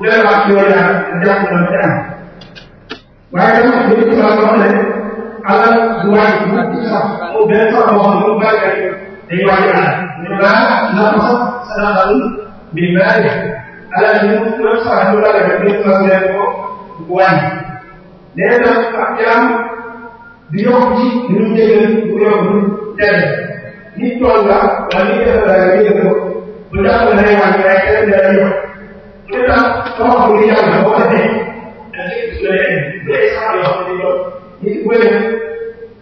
relation yaa jàpp na te am waaye dafa am benn saa wax ne alal bu waay bu sax mu benn saa wax ne mu bàyyi rek dañuy waaj a ñu naa naa ko saxal bi bàyyi alal ñu loolu sax ñu la def ñu sax leen ko bu waay nee na ak yaam di yokk ci ñu jëgal bu yokk bu tere ni tool la wala ni defal la ni defal bu jàpp na ne waa ñu ay keneen dara yokk dèjà xam-xam bi yàgg na boo ko defee da ngay gis leneen bu dee sax yoo xam ne yow nit ku bëri na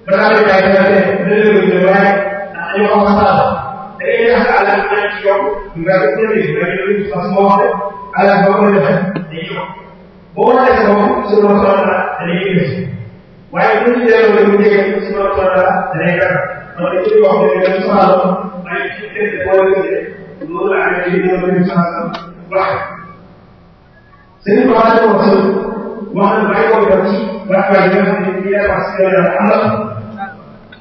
balaa ngay jaay dana dem dana dem dana waaye ndax dañoo xaw a saal da ngay yàq alal bi nekk ci yow nga ko jëlee nga ko jëlee parce que moo wax ne alal boo ko defee dañuy yokk boo ko defee moom su ma soxla dañuy yëngati waaye bu ñu delloo lu jege su ma soxla dañuy gàtt donc dañ ciy wax ne dañu soxla waaye ci biir boo ko jëlee loolu la amee li ñu doon wax Serigne Touba dafa wax wax na maa ngi koy def ci rafet yi nga xam ne bii dafa wax si yow yàlla am na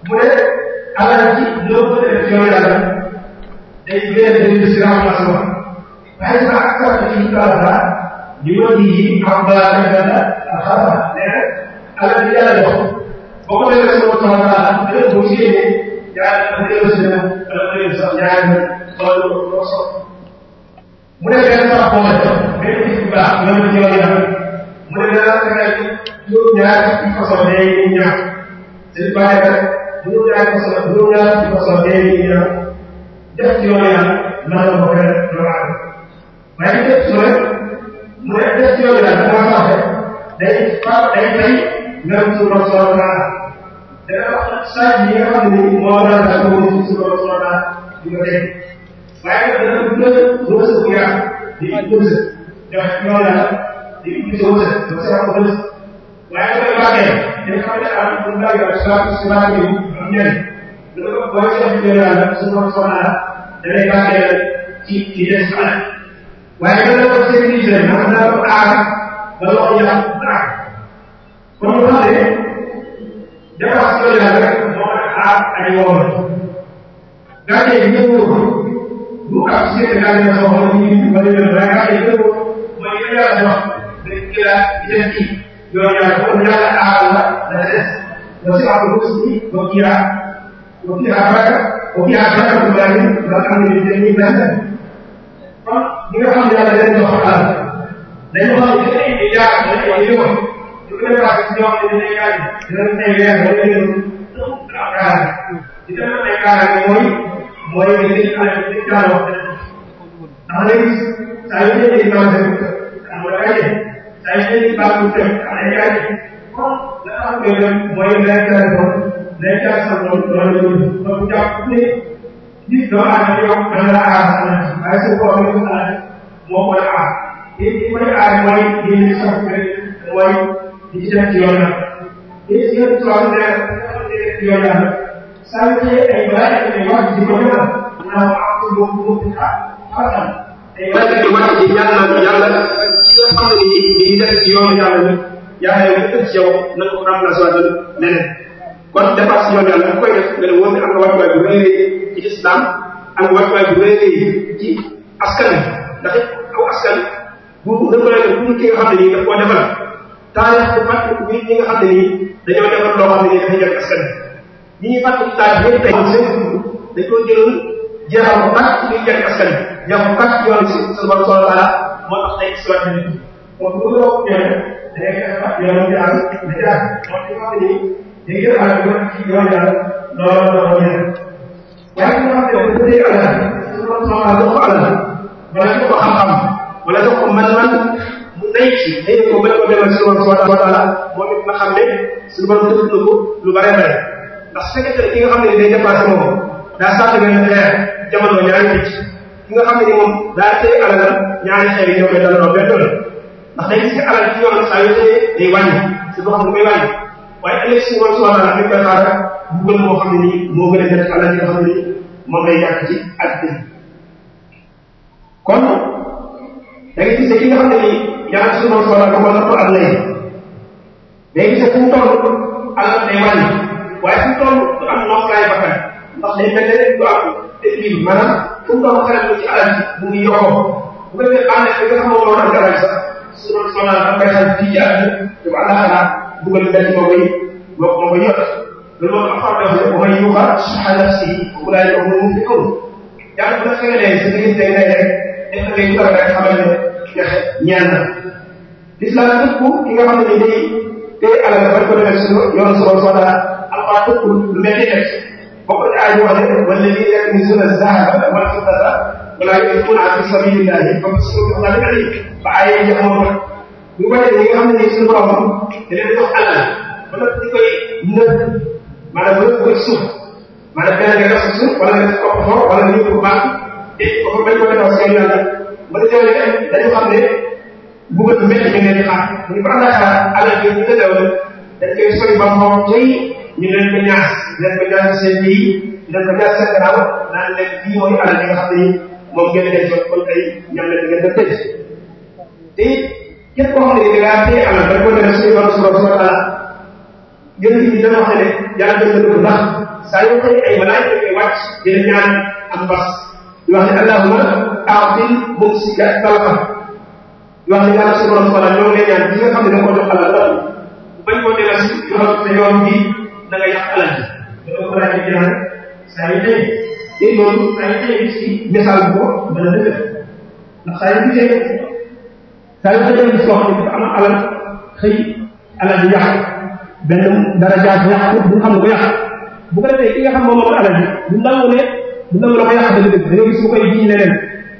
bu dee alal ji loo ko def yow yàlla day gën a déglu si rafet wa waaye sax ak sa fi ñu taal sax ñu yóbbu yi am balaa nga gën a xabaar nee na alal ji yàlla jox boo ko defee sama tool daal dëgg bu ñu génnee jaay na dëgg si na dëgg sax jaay na loolu loo soxla mu ne benn sax boo ma jox benn bés bu baax nga mën ñoo yàq mu ne danaa fexe juróom-ñaar ci façon day yi ñaax seen bàyyi nag juróom-ñaar façon juróom-ñaar ci façon day yi ñaax def ci yoon yàlla lan la bëgg rek loo am waaye def ci rek mu ne def ci yoon yàlla moo tax day faa day bay nga su ma soxla dana wax saa yi nga xam ne nii moo daan la ko ci su ma soxla di ko dégg waaye nag dana gën a gën a sa bu yàq di gën a def ñoo la di utiliser wërsëg ba sa ko bëgg waaye da koy bàggee dañ xam ne am bu bàggee wala si wàllu si wàllu yi am njëriñ lu ko booy si def ñoo la su ko soxlaa la da lay bàggee ci ci des fa la waaye da la ko sécuriser ndax da ko aar ba loo yàq aar kon mu xam ne dafa xam loolu yàlla rek moo aar ay woor daa ñëw ñëw bu ab sénégalais yoo xam ne ñu ngi wala ñu ko yàlla jox dañ ci laaj di def kii loolu yàlla boobu yàlla aar la dana des loolu si wàllu bés bi boo kii raa boo kii raa baraka boo kii raa baraka bu bari nga xam ne dañuy benn kon ñi nga xam ne yàlla dañ jox alal dañu xam ne dañuy di jaar dañu ko yëngu ñu gën a baax ci ñoom dañu lay yaay dinañ ay weer ba ñu leen am kaara di dem ay kaara mooy mooy dañuy dañuy daanoo ndax léegi saa yu ñu leen di amuloo ay ay baaxul jëm ay yaay la am koy dem mooy lekkal ko lekkal sa bopp loolu loolu jàpp ne nit doo aar yow dana la aar waaye su ko amee sa moo ko la aar li li koy aar mooy li li sax mooy li ci def ci yoon la li ci def ci yoon la li def ci yoon la sànq ay balaay ay wax di ko defal naa ko am ko boobu boobu ah ah naka di wàcc di ñaan naan yàlla ci nga xam ne nii di def ci yoonu yàlla bi yàlla yow ëpp ci yow na nga ko remplacer leneen kon defar si yoonu yàlla bu koy def nga ne woon ne am nga wàccuwaay bu rëy ci islam am nga wàccuwaay bu rëy ci askan wi ndax aw askan bu nga ko def bu ki nga xam ne nii daf koo defal taarix bu fàtt ñi ñi nga xam ne nii dañoo defal loo xam ne nii dafa jot askan wi ñi ñuy fàtt taarix yëpp tey seen dañ ko jëloon jeexal ko kat ñu ngi jël askan bi jeexal ko kat yoon si sa bopp solo laa moo tax tey si wàllu nit moom bu ko doon ñëwee da ngay fexe ba yoon bi àll da ngay àll moom li nga xam ne nii da ngay àll ba ci yoon yàlla looloo doon ñëw. waaye li nga xam ne bu dee àll la sa bopp solo laa doo ko àll la wala doo ko xam-xam wala doo ko mën-mën mu nay ci day ko ba ko demal si bopp solo laa moom it nga xam ne suñu bopp tëdd na ko lu bare bare ndax su fekkee ki nga xam ne day dépassé moom daa sànq benn xeer jamono ñaari nit ki nga xam ne ni moom daa téye alalam ñaari xeer yi ñoo koy dalaloo benn la ndax day gis ne alal ci yoon saa yoo téye day wàññi si boo xam ne may wàññi waaye ëllëg si moom subhanahu wa taala dañ koy xaaral mbugal moo xam ne nii moo gën a def alal yi nga xam ne nii moom lay ñàkk ci àddina kon da ngay gis ne ki nga xam ne nii ñaari si moom subhanahu wa taala ko am lay day gis ne fu mu toll alal day wàññi waaye fu mu toll du am noflaay bakkan ndax day mel ne du am te lii maanaam pour nga ko xelal ci alal ji mu ngi yokkoo bu ko defee ànd ak li nga xamante ne moom sax su doon sonal am nga xam fii ci àll bi dafa àll xanaa dugal benn moo koy moo moo koy yot loolu moom am xam dafa ne mooy yuuxa suxa nafsi bu laay ko mu fi kaw yàlla bu la xelalee sa diggante ngay rek def ngay dara rek xamal ne nga ñaan na l'islam dëpp ki nga xam ne day day alal dafa ko defee suñu yoon suñu sonal am waa dëpp lu mel ni bokkul aay boole wala lii rek ni suna zahaba wala fiddata wala yunfiquna fi sabilillahi fa bisrullahi alayhi ba aayee jaxoo nag ñu ko defee ñi nga xam ne nii suñu borom da leen jox alal ba nag di koy nëb maanaam nëb ko suuf maanaam benn nga gas suuf wala nga def ko ko wala nga ko baax te ko fa bañ ko defal seen yàlla ba di jëlee dañu xam ne bëgg métti mi leen xaar ñu ba alal alal bi ñu dañ koy sori ba moom tey ñu leen ko ñaax leen ko ñaax seen bii leen ko ñaax seen gannaaw naan leen lii mooy alal yi nga xam ne moom ngeen leen jot kon ay ñam leen ngeen def tëj te it képp koo xam ne da ngaa téye alal da ko def suñu borom suñu borom alal yéen bi dana wax ne yàlla def na ko ndax saa yoo xëy ay malaay da koy wàcc dina ñaan am bas di wax ne allahuma aatil mumsika talafa di wax ne yàlla suñu borom suñu alal ñoo ngi lay ñaan bi nga xam ne da ko jox alal la bañ koo delasi yoo xam ne yoon bi da nga yàq alal ji da ko mën a jëlaat saa yu tey te loolu saa yu tey si misaal ko mën a dëgër ndax saa yu gisee saa yu tey gis koo xam ne dafa am alal xëy alal ji yàq benn darajaat yàq bu xam ne ko yàq bu ko defee ki nga xam moom moom alal ji bu nangu ne bu nangu la ko yàq dëgg dëgg da nga gis bu koy jiñ leneen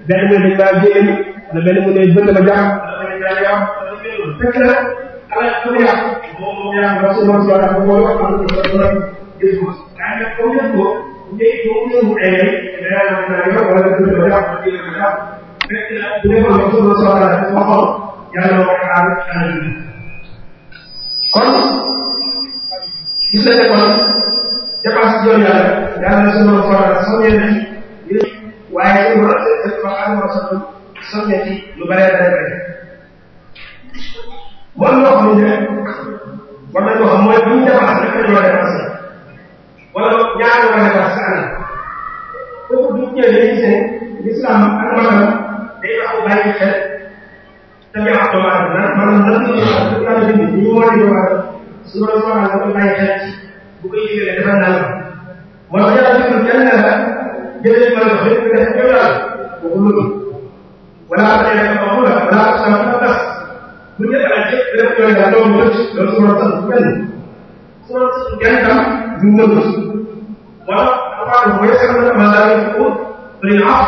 benn mu ne dañ maa jéem wala benn mu ne bënd ma jàpp wala benn mu ne yaa fekk na moom moom yaa ngi wax si moom Soxna moom mooy wax am na solo lool dégg nga daa ngi ko def ko mais boo ko yëngu ay ay da ngaa yor wala da nga yor da nga yor fekk na bu dee ko Soxna Soxna dafa xool yàlla wax aal aal kon gis nga ne kon dépense bi doon yàlla yàlla Soxna Soxna soññee na ci waaye dafa am dafa am soññee ci lu bare bare bare mu am loo xamante ne war nañoo xam mooy bu ñu dépassé naka la ñu war a dépassé wala ñaari war a dépassé anam kooku bu ñu ñëwee dañuy gis ne l'islam ak maanaam dañuy wax ko bàyyi xel tamit wax doomu aadama naan maanaam lan la ñuy wax dëgg yàlla bind ñu war a ñëwaat su ma la soxlaa nga koy bàyyi xel bu ko yëgalee dafa naan moo tax yàlla bind kenn la jëlee ma la xëy na def ko yàlla kooku loolu wala après dafa amul wala sama bas bu ñu defee def yooyu daal doo mën loolu su ma sant benn su ma sant kenn tam du mën wala dafa am mooy sama na ma daal ko bëri na ah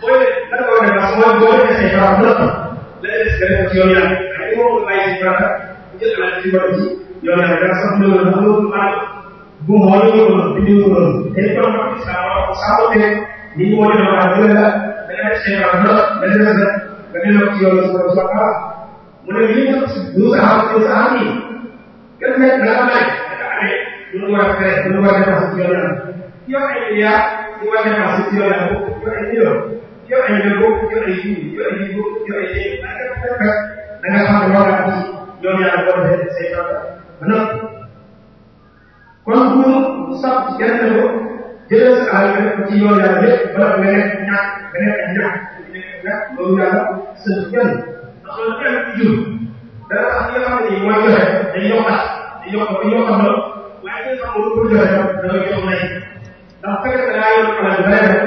booy ne da nga war a def mooy boo defee say xalaat na la des benn ko ci yoon yàlla ay moo ko bàyyi si xalaat bu jël xalaat ci borom ci yoon yàlla da sax loolu la loolu ma bu moo la ñu mën di ñu mën te ko ma ci saa wa ko saa wa te ni ñu moo dina ma la da nga def say xalaat na la des na nga dina ci yoon la subhanahu wa ta'ala menuju berusaha berusaha ini kan saya berapa baik ada luar biasa luar biasa jalan yo ya luar biasa jalan yo yo yo yo yo ini yo ini yo ini ada apa dengan hal orang ini yo yang boleh saya kata benar kontum sab jalan lo jelas ada jiwa yang berapa banyak banyak banyak banyak banyak banyak banyak banyak loolu kenn ku jur dana tax li nga xam ne nii mooy joxe day yokkaat day yokk ba yokk am lool waaye li nga xam ne pour joxe da nga yokk nay ndax fekk na daa yor xalaat ba rek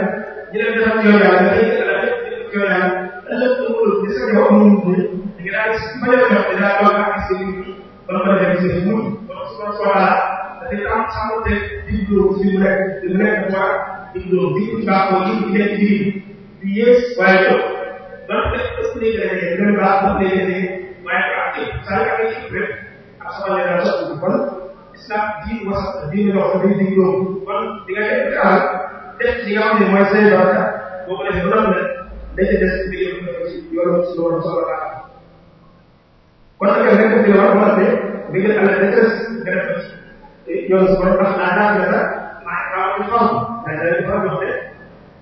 ñu leen defal ci yoon yàlla dañuy defal lépp ci yoon yàlla ëllëg ko wóolu di sa yow amul mu da nga daal si ba leen jox dinaa doon ak sa nit ki ba nga dem si mu ba su ma soxlaa dafay am sàmmante di dóor si mu nekk di mu nekk quoi di dóor bi baaxoo yi di nekk di di yées waaye donc expliqué nañ leen baax wax nañ ne waaye ak saa yu ak ci rek ak sama leeral sa dugg kon islam diin was diin loo xam ne diin loolu di nga def kaal def li nga xam ne mooy say barka boo ko defee ba noppi nag dañ des bi ngeen ko ci yoonu si loolu solo la am kon nag nga def li nga war a mën a def bi nga xam ne da des nga def ci yoonu si mooy tax naa daal nga sax maa ngi xaw a xam daa daal di faral di wax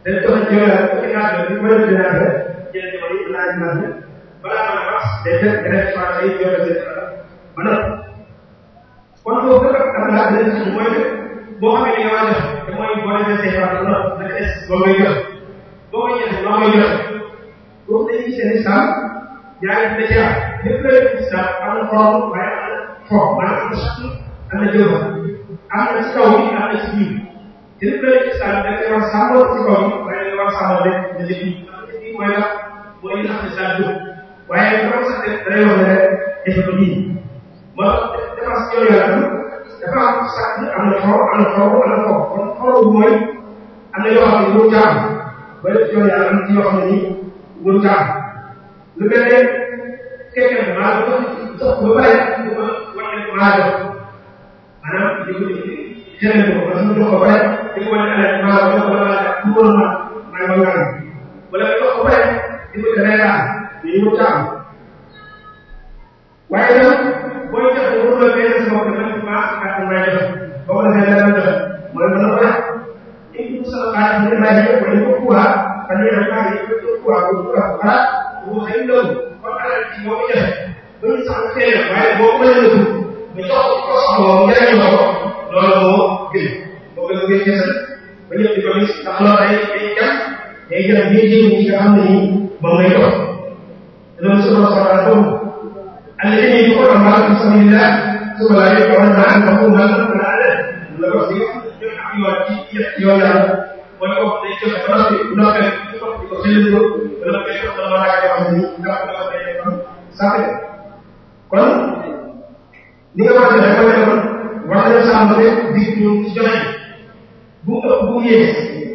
ne dañ ko xam ne yow yaa ko ci naan bi mu mën a dinaa def naan la balaa maa wax day fekk directement day joxe seen alal ba noppi kon boo ko def am naa benn suuf mooy boo xamee li nga war a def te mooy boo defee say farat la da nga des boo koy joxe boo koy joxe boo koy joxe boobu dañuy seen islam yaa ngi fi jaar yëpp la islam am na xorom waaye am na xorom maanaam am na sàtt am na jëmm am na ci kaw bi am na ci biir te lépp la islam da nga war a sàmmoo ci kaw bi waaye da nga war a sàmmoo rek nga jëndi mooy la mooy li nga xam ne saa dugg waaye borom sax day wax ne dafa ko nii moo dépense yooyu la am dafa am sax am na xaw am na xaw am na xaw kon xaw bu mooy am na yoo xam ne wóor jaam ba lépp yooyu am ci yoo xam ne nii wóor jaam lu mel ne fekkee maa ko sax ba pare bu ma wane maa def maanaam di ko jëlee ko ba mu jox ko pare di ko wane alal maa ko wala maa ko wala maa ko wala maa ko wala di ko reetaan di ñu taam waaye nag booy joxe mu la benn sama ko dafa ma ak may joxe ba ko defee dana joxe mu ne dana ko def in ku sa xaar ñu lay joxe ko ñu ko kuwaa fa ñu ne xaar yi ko ko kuwaa ko ko ko xaar bu xëy lool kon alal ci moo ko joxe ba ñu sax teel waaye boo ko mënee dugg ñu jox ko ko soxla mu jëriñ ko loolu moo gën boo ko gën gësal ba ñëpp di ko gis ndax loolu ay ay jam day jël bii jëm yi nga xam ne nii moom lay jox loolu suba soxlaa boobu àll bi ñu ko doon baal bismillah suba laa yëg war naa am ko naan la ko laale la ko si ñoom ak yoon ci yoon yàlla wala ko day jox ba noppi bu noppee di ko di ko xëyal ko dana koy jox dana laa yoo xam ne ndax dana koy def saxe kon li nga wax ne dafa nekkoon war nañu sàmm de biir ñoom ci joxe bu bu yées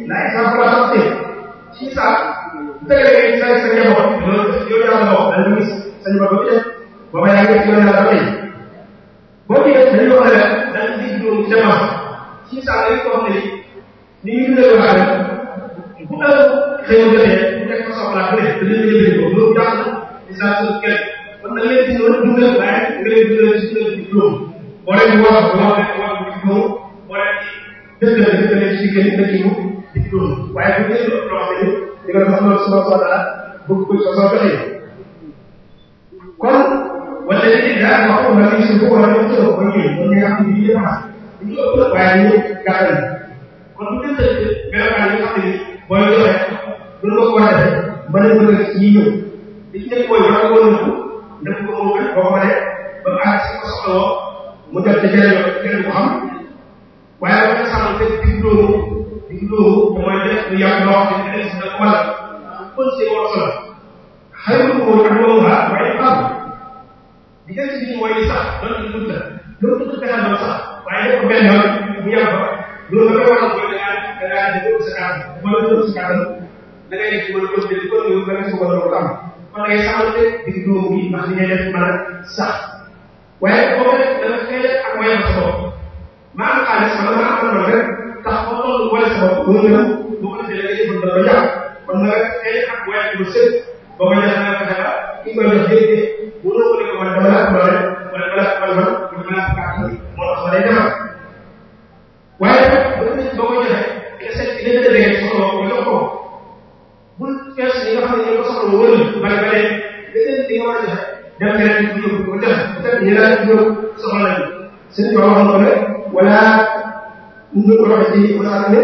la exemple la ci saa délégué sa sa njaboot yow yaa la wax dañu gis sañ ma ko def ba ma yaa ngi def yow yaa la ko tey boo ci def dañu wax ne dañ di doon jamaa ci saa yi ko xam ne ni ñu dundee ba pare bu dal xëy na jotee bu nekk soxlaa bu nekk dañu leen jëlee ko loolu jàpp ci saa su kenn kon da leen di doon dundal waaye nga leen dundal ci dundal ci juróom boo leen wax boo leen wax bu juróom boo leen ci dëgg la dëgg la ci kër yi dëgg yi waaye bu dee loolu loo xam ne li nga def am na solo soxlaa bëgg ko soo doxee kon wala léegi daal ma xam nga ni suuf bu ko war a def solo ba ñëwee ba nga xam ni yéen a xam ñu ngi ëpp waaye ñu gàttal kon bu ñu defee melokaan yi nga xam ne booy joxe du la ko war a def ba ne bëgg ñi ñëw li ci nekk mooy war a wóor ko def ko mu wér boo ko def ba mu àgg si ko soxlawoo mu def te jëlee ko keneen ko xam waaye ba nga xam ne fekk ci loolu loolu mooy def lu yàgg loo xam ne si ko wala kon see war solo xayma boobu ak boobu ah waaye xamu diggante bi mooy sax doon dund la loolu dund dana doon sax waaye def ko benn yoon bu yàgg fa loolu la waral mooy da ngaa da ngaa def sa kàddu mën a def sa kàddu da ngay def mën a def di ko ñëw da ngay soog a doon am kon da ngay saxante di dóomu bi ndax li ngay def mën a sax waaye boo ko def da nga xëy ak wayam sa bopp maa am xaalis wala maa am loolu rek ndax ba loolu boole sa bopp wër na bu ko defee da ngay jëfandikoo ba jàpp kon nag tey ak waaye lu sëb boo ko joxee nag dara ki nga jox déedéet bu la wëree ko wala dama la wala wala wala wala wala wala kàttan moo tax ma lay defar waaye nag boo ko joxee kese bi dina dëgg soxla ko nga ko bu fees yi nga xam ne ñoo soxla wër ba ba leen leneen li nga war a joxe dem nga leen di yóbbu ko def peut être ñu daal di yóbbu soxla nañu sëñ bi wax na ko ne wala ñu ko waxee ci maanaam ne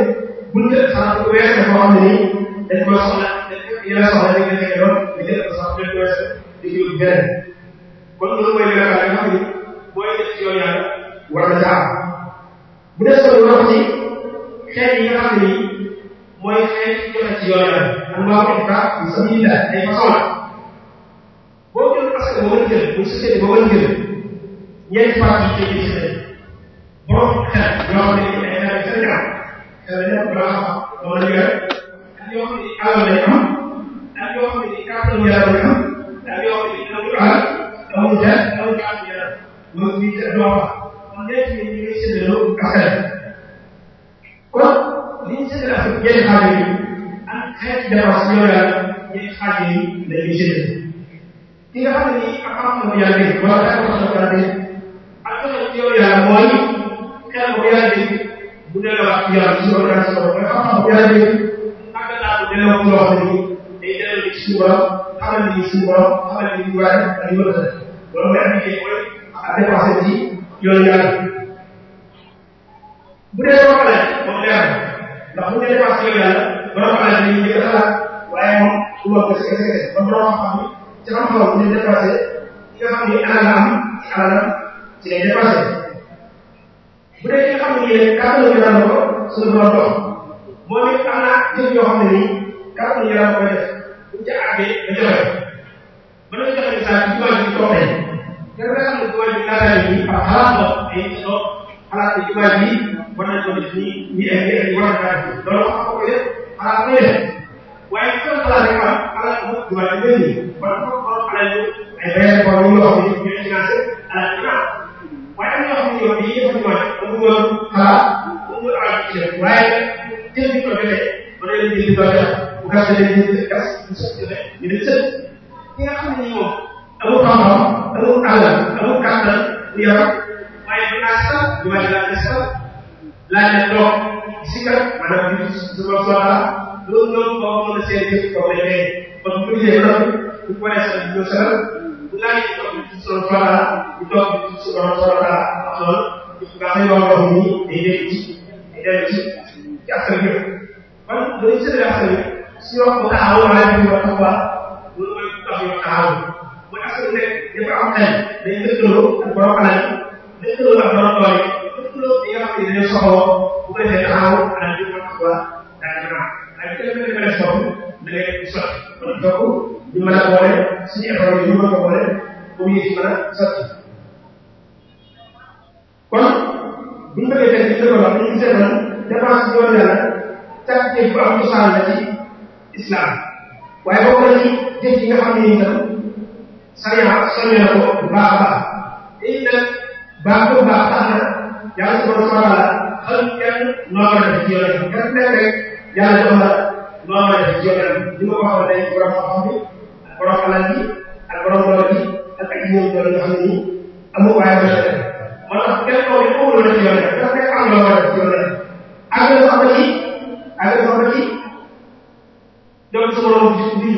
buñ jël xanaa bu weesoo boo xam ne nii dañ koy soxla yeneen soxla yi nga fekkee doon ñu jël ko sax benn wees di ci yóbbu beneen kon loolu mooy li nga xam ne booy def ci yoon yàlla war na caa bu dee solo wax ci xeet yi nga xam ne nii mooy xeet joxe ci yoon yàlla am naa ko kaa ñu sami la ay façon la boo jël parce que boo mën a jël bu société boo mën a jël ñeenti parti yi ci Bon, non, ni ay Sénégal dana dem ba wala yooyu ak yoo xam ne alal lay am ak yoo xam ne kàttanu yàlla lay am ak yoo xam ne dina ko alal amul def amul kàttanu yàlla loolu bi dina doon wax kon léegi ñu ngi séddaloo café kon li ñu séddal ak yenn xale yi ak xeet dépense yoo yàlla yenn xale yi dañuy séddal ki nga xam ne nii am am na yàlla wala xeet ko sa ak yoo yàlla mooy keneen bu yàlla dégg bu delloo ci yàlla ci organisation bi xam-xam bu yàlla dégg tàggat bu delloo loo xam ne day delloo ci suñu borom xamal ni suñu borom xamal ni ñu waaye ak ñu mën a def loolu mooy appliqué mooy ak dépensé ci yoonu yàlla bu dee loo xamante moom leer na ndax bu dee dépensé yoonu yàlla loo xamante ni ñu ngi xalaat waaye moom du ma ko kese kese ba mu doon xam ni ci xam-xam bu ñu dépensé ki nga xam ni alal am ci alal ci lay dépensé bu dee ki nga xam ne nii rek kàttanu yaram na ko suñu borom dox moom it am na jëf yoo xam ne nii kàttanu yaram koy def buñ ca àggee ba joxe mën nañu joxe misaal ci jumaa ji toog nañ kenn nga xam ne jumaa ji naataay bi par xalaat la ay so xalaat ne jumaa ji war nañ ko def nii ñi ay ñi ay war nañ kaa def loolu xam nga ko def xalaat ngay def waaye ci sama xalaat rek am xalaat bu jumaa ji mel nii wala ko xool xalaat ay benn borom yoo xam ne ñooy financé xalaat jumaa waaye am na yoo xam ne yoon yii yëpp a ñu woon amul woon xalaat amul woon ci waaye jël bi ko defee ba doon leen jël doole bu gas leen ñu gas ñu sëkk ne ñu dem sëkk ki nga xam ne moom amul xam-xam amul alal amul kàttan bu yaram waaye bu naa sal du waaye laa ne sal laa ne toog si kat maanaam bi su ma soxla loolu noonu boo mën a seen yëpp ko defee ba bu ko jëlee bu ko defee ñu sal laaj bi toog ci suñu Fara di toog ci suñu Fara ndax loolu ndax li ma wax nii day dem ci day dem ci ci askan bi man day sëriñ askan bi su ñu wax bu taxaw wala ñu wax bu baax loolu mooy tax ñu taxaw bu askan bi rek dafa am xel day lëkkaloo ak borom alal lëkkaloo ak borom doole lëkkaloo bi nga xam ne dañoo soxla bu ko defee taxaw alal bi mu wax bu baax daal di naan daal di ko defee dafa def foofu da ngay def bu soxla kon donc di a boole suñu effort yi ñu mën ko boole a sotti kon bu ñu bëggee tey ci développement dañuy seetal dépense doon yàlla tactique bu am cosaan la ci islam waaye bokk na ci jëf nga xam ne itam sariya soññee na ko bu baax a baax dañuy nag baax bu baax tax si borom xamal la xam kenn noo a def ci nekk rek yàlla jox la a def ci yoonam li ma ko waxoon xam-xam borom xalaat bi ak borom doole bi ak ay ñoom doole yoo xam ne nii amul waaye ba xel maanaam kenn koo xam ne ci yoon rek dafa nekk am loo war a def ci yoon rek ak nga xam ci ak nga xam ci doon sa borom bi suñu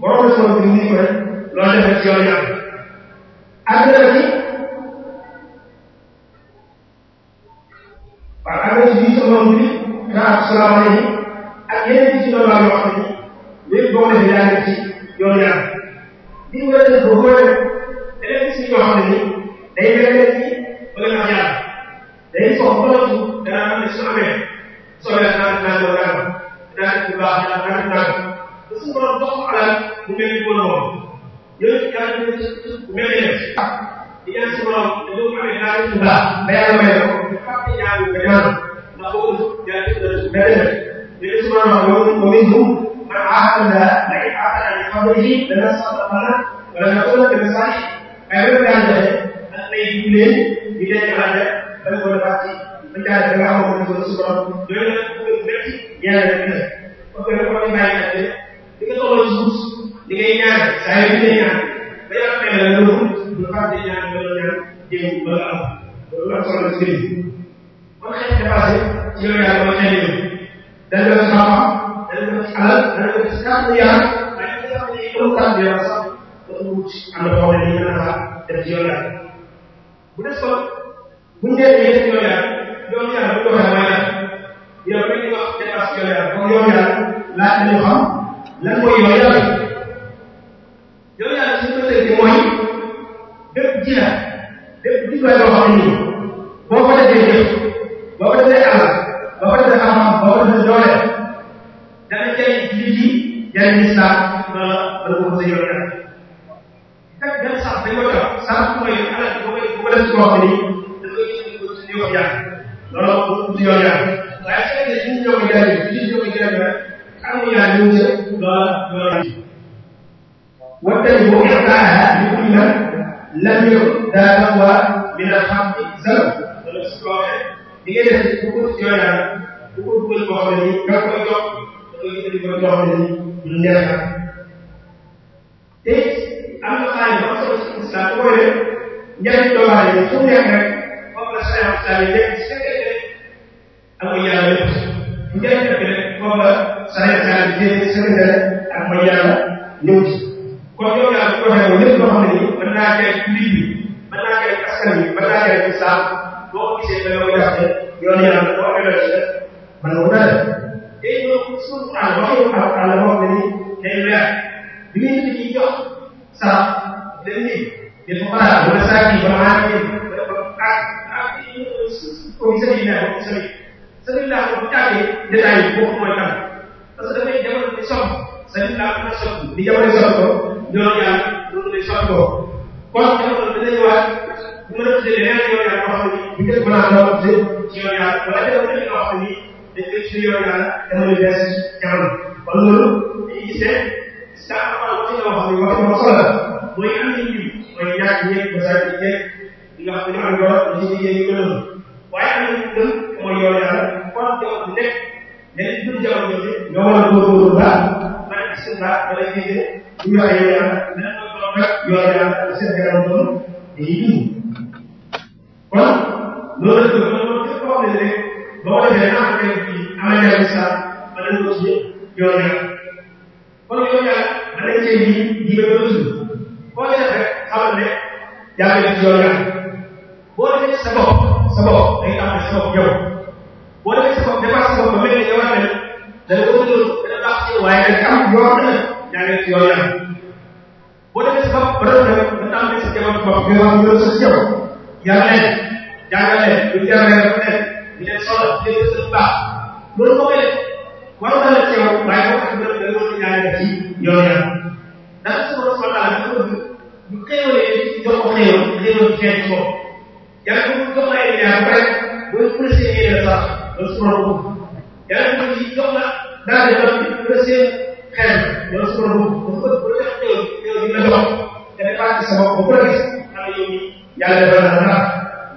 borom sa borom bi nii ko rek loolu defee ci yoon yi am ak nga ci waaw ak nga ci biir sa borom bi kaa salaamaaleykum ak yeneen ci ci doon laa yoo xam ne lépp boo ko defee yaa ngi ci ñoo ñaar bi ñu doon def ba boole beneen bis ñoo xam ne nii day mel ni wala nga ñaar day sox ba la tuut danaa am ne su amee soo leen naan naan la naan naan bu baax naan naan naan ba su borom dox alal bu mel ni bon moom yooyu yaa ngi leen di mel ni def di ñaan su borom dañoo amee naan bu baax ba yàlla may ko ñu fàtte ñaan nga ñaan ndax boobu yaa ngi leen di mel ni def léegi su borom wax yow moom it عقل لئن عقل من قبله لنصدقن ولنكون من الصالحين فيقول هذا لكن بداية هذا فنقول الباقي من جعل الله ونقول صبرا دون الباقي يا رب وكل ما يعمل لكي تقول يسوس لكي يعمل سعيد لكي يعمل فيعمل لهم بالقدر يعمل ويعمل يوم بالأرض ويعمل صلى الله عليه وسلم وكيف تفاصيل يوم يعمل ويعمل دلوا الصحابة alal dana ko def quatre milliards am quatre milliards sax dafa wut am na boo xam ne dañu mën a def ci yoon yàlla bu dee sol bu ñu dee def yoon yàlla yoon yàlla bu ñu waxee mooy lan yow li ñu wax dépasse yoon yàlla comme yoon yàlla laata ñu xam lan mooy yoon yàlla yoon yàlla suñu ko tëggee mooy bépp ji la bépp ji la boo xam ne nii boo ko defee jëf boo ko defee alal boo ko defee xam-xam boo ko defee doole dana jëriñ nit yi jëriñ islam loolu la ko mos a yor dara fekk benn sax dañ koy yor sax mooy alal boo koy boo ko def ci gox bi nii da koy yëngu ci ñëw yàq loolu ko ci yor yàq waaye su fekkee suñu ñëw jëriñ suñu ñëw jëriñ rek xamu yaa ñu ngi loolu loolu والتجب إقناعها بكل لم يتداوى من الحق زرع. di nga def bu ko ci yoon bu ko dugal boo xam ne nii nga koy jox loolu itamit mooy loo xam ne nii ñun te am na xaalis ba solo si islam bu koy def njëriñ doomu aadama fu nekk rek moom la saa yoo xam ne lépp si ak mooy yàlla lépp njëriñ la rek moom la saa yoo xam ne lépp si ak mooy yàlla ñëw ci kon yow daal bu ko waxee lépp loo xam ne nii mën naa kay mbir mi mën naa kay askan bi mën naa kay islam boo ko gisee da nga koy yoon yàlla boo ko mën na ko dara day doon suuf àll waxi àll àll boo xam ne nii day weer bi muy nit ñi jox sax dañ ni dañ ko xalaat wala saa kii ba maa ngi wala ko ak ak comme sëriñ naa ko sëriñ sëriñ laa ko tàggee détail yi boo mooy tam parce que dafay jamono di sopp sëriñ laa ko sopp di jamono sopp ko ñoo yàlla loolu lay sopp ko kon jamono dina ñëwaat bu ma doon jëlee leneen ñoo yàlla boo xam ne bu njëkk balaa nga doon jël ci ñoo yàlla wala jamono dina ñoo xam ne dañ koy suñu yoon daal dafa ñu bees jamono kon loolu dañuy gis ne saa amal wax nga wax ni wax nga solo mooy am nañ ñu mooy ñaar ñeent ba saa ñeent ñi nga xam ne am doole ñu si yéen ñu mën waaye am nañ gëm mooy yoon daal kon jamono bu nekk dañ ci dund jamono bi nga war a góorgóorlu baax maanaam gis nga baax dana gis ne bu ñu waxee yoon daal dana ko toog rek yoon daal seen kanam doon dañuy dund kon loolu la ñu loolu képp koo xam ne rek boo defee naa ko def ci amal sa ba dañ ko ci yoon yàlla kon yoon yàlla da dañ cee ji ji ba doon suuf boo def rek xamal ne yaa ngi def yoon yàlla boo defee sa bopp sa bopp day am sa bopp yow boo defee sa bopp defar sa bopp ba mel ne yow daal da nga ko doon dana baax ci waaye da nga am yoon na yaa ngi def yoon yàlla boo defee sa bopp ba doon def da nga am sa jamono bopp nga am yoon sa jamono yàlla leen jàngale lu jàngale leen di leen soxla di leen sëñ baax loolu moo koy def war na la teew waaye boo xam ne da nga war a ñaareel ci yoon ya dafa soxla soxla la dafa bëgg ñu xéewalee jox ko xéewal xéewal xeet ko yàlla ko jox la ay ñaar ba rek booy pressé ñee la sax loolu su ma bëgg yàlla ko ci jox la daal di doon di pressé xeet loolu su ma bëgg dafa bëgg bu la jox xéewal xéewal bi la jox te dafa ci sa bopp ba ko gis xam ne yow yàlla defal na la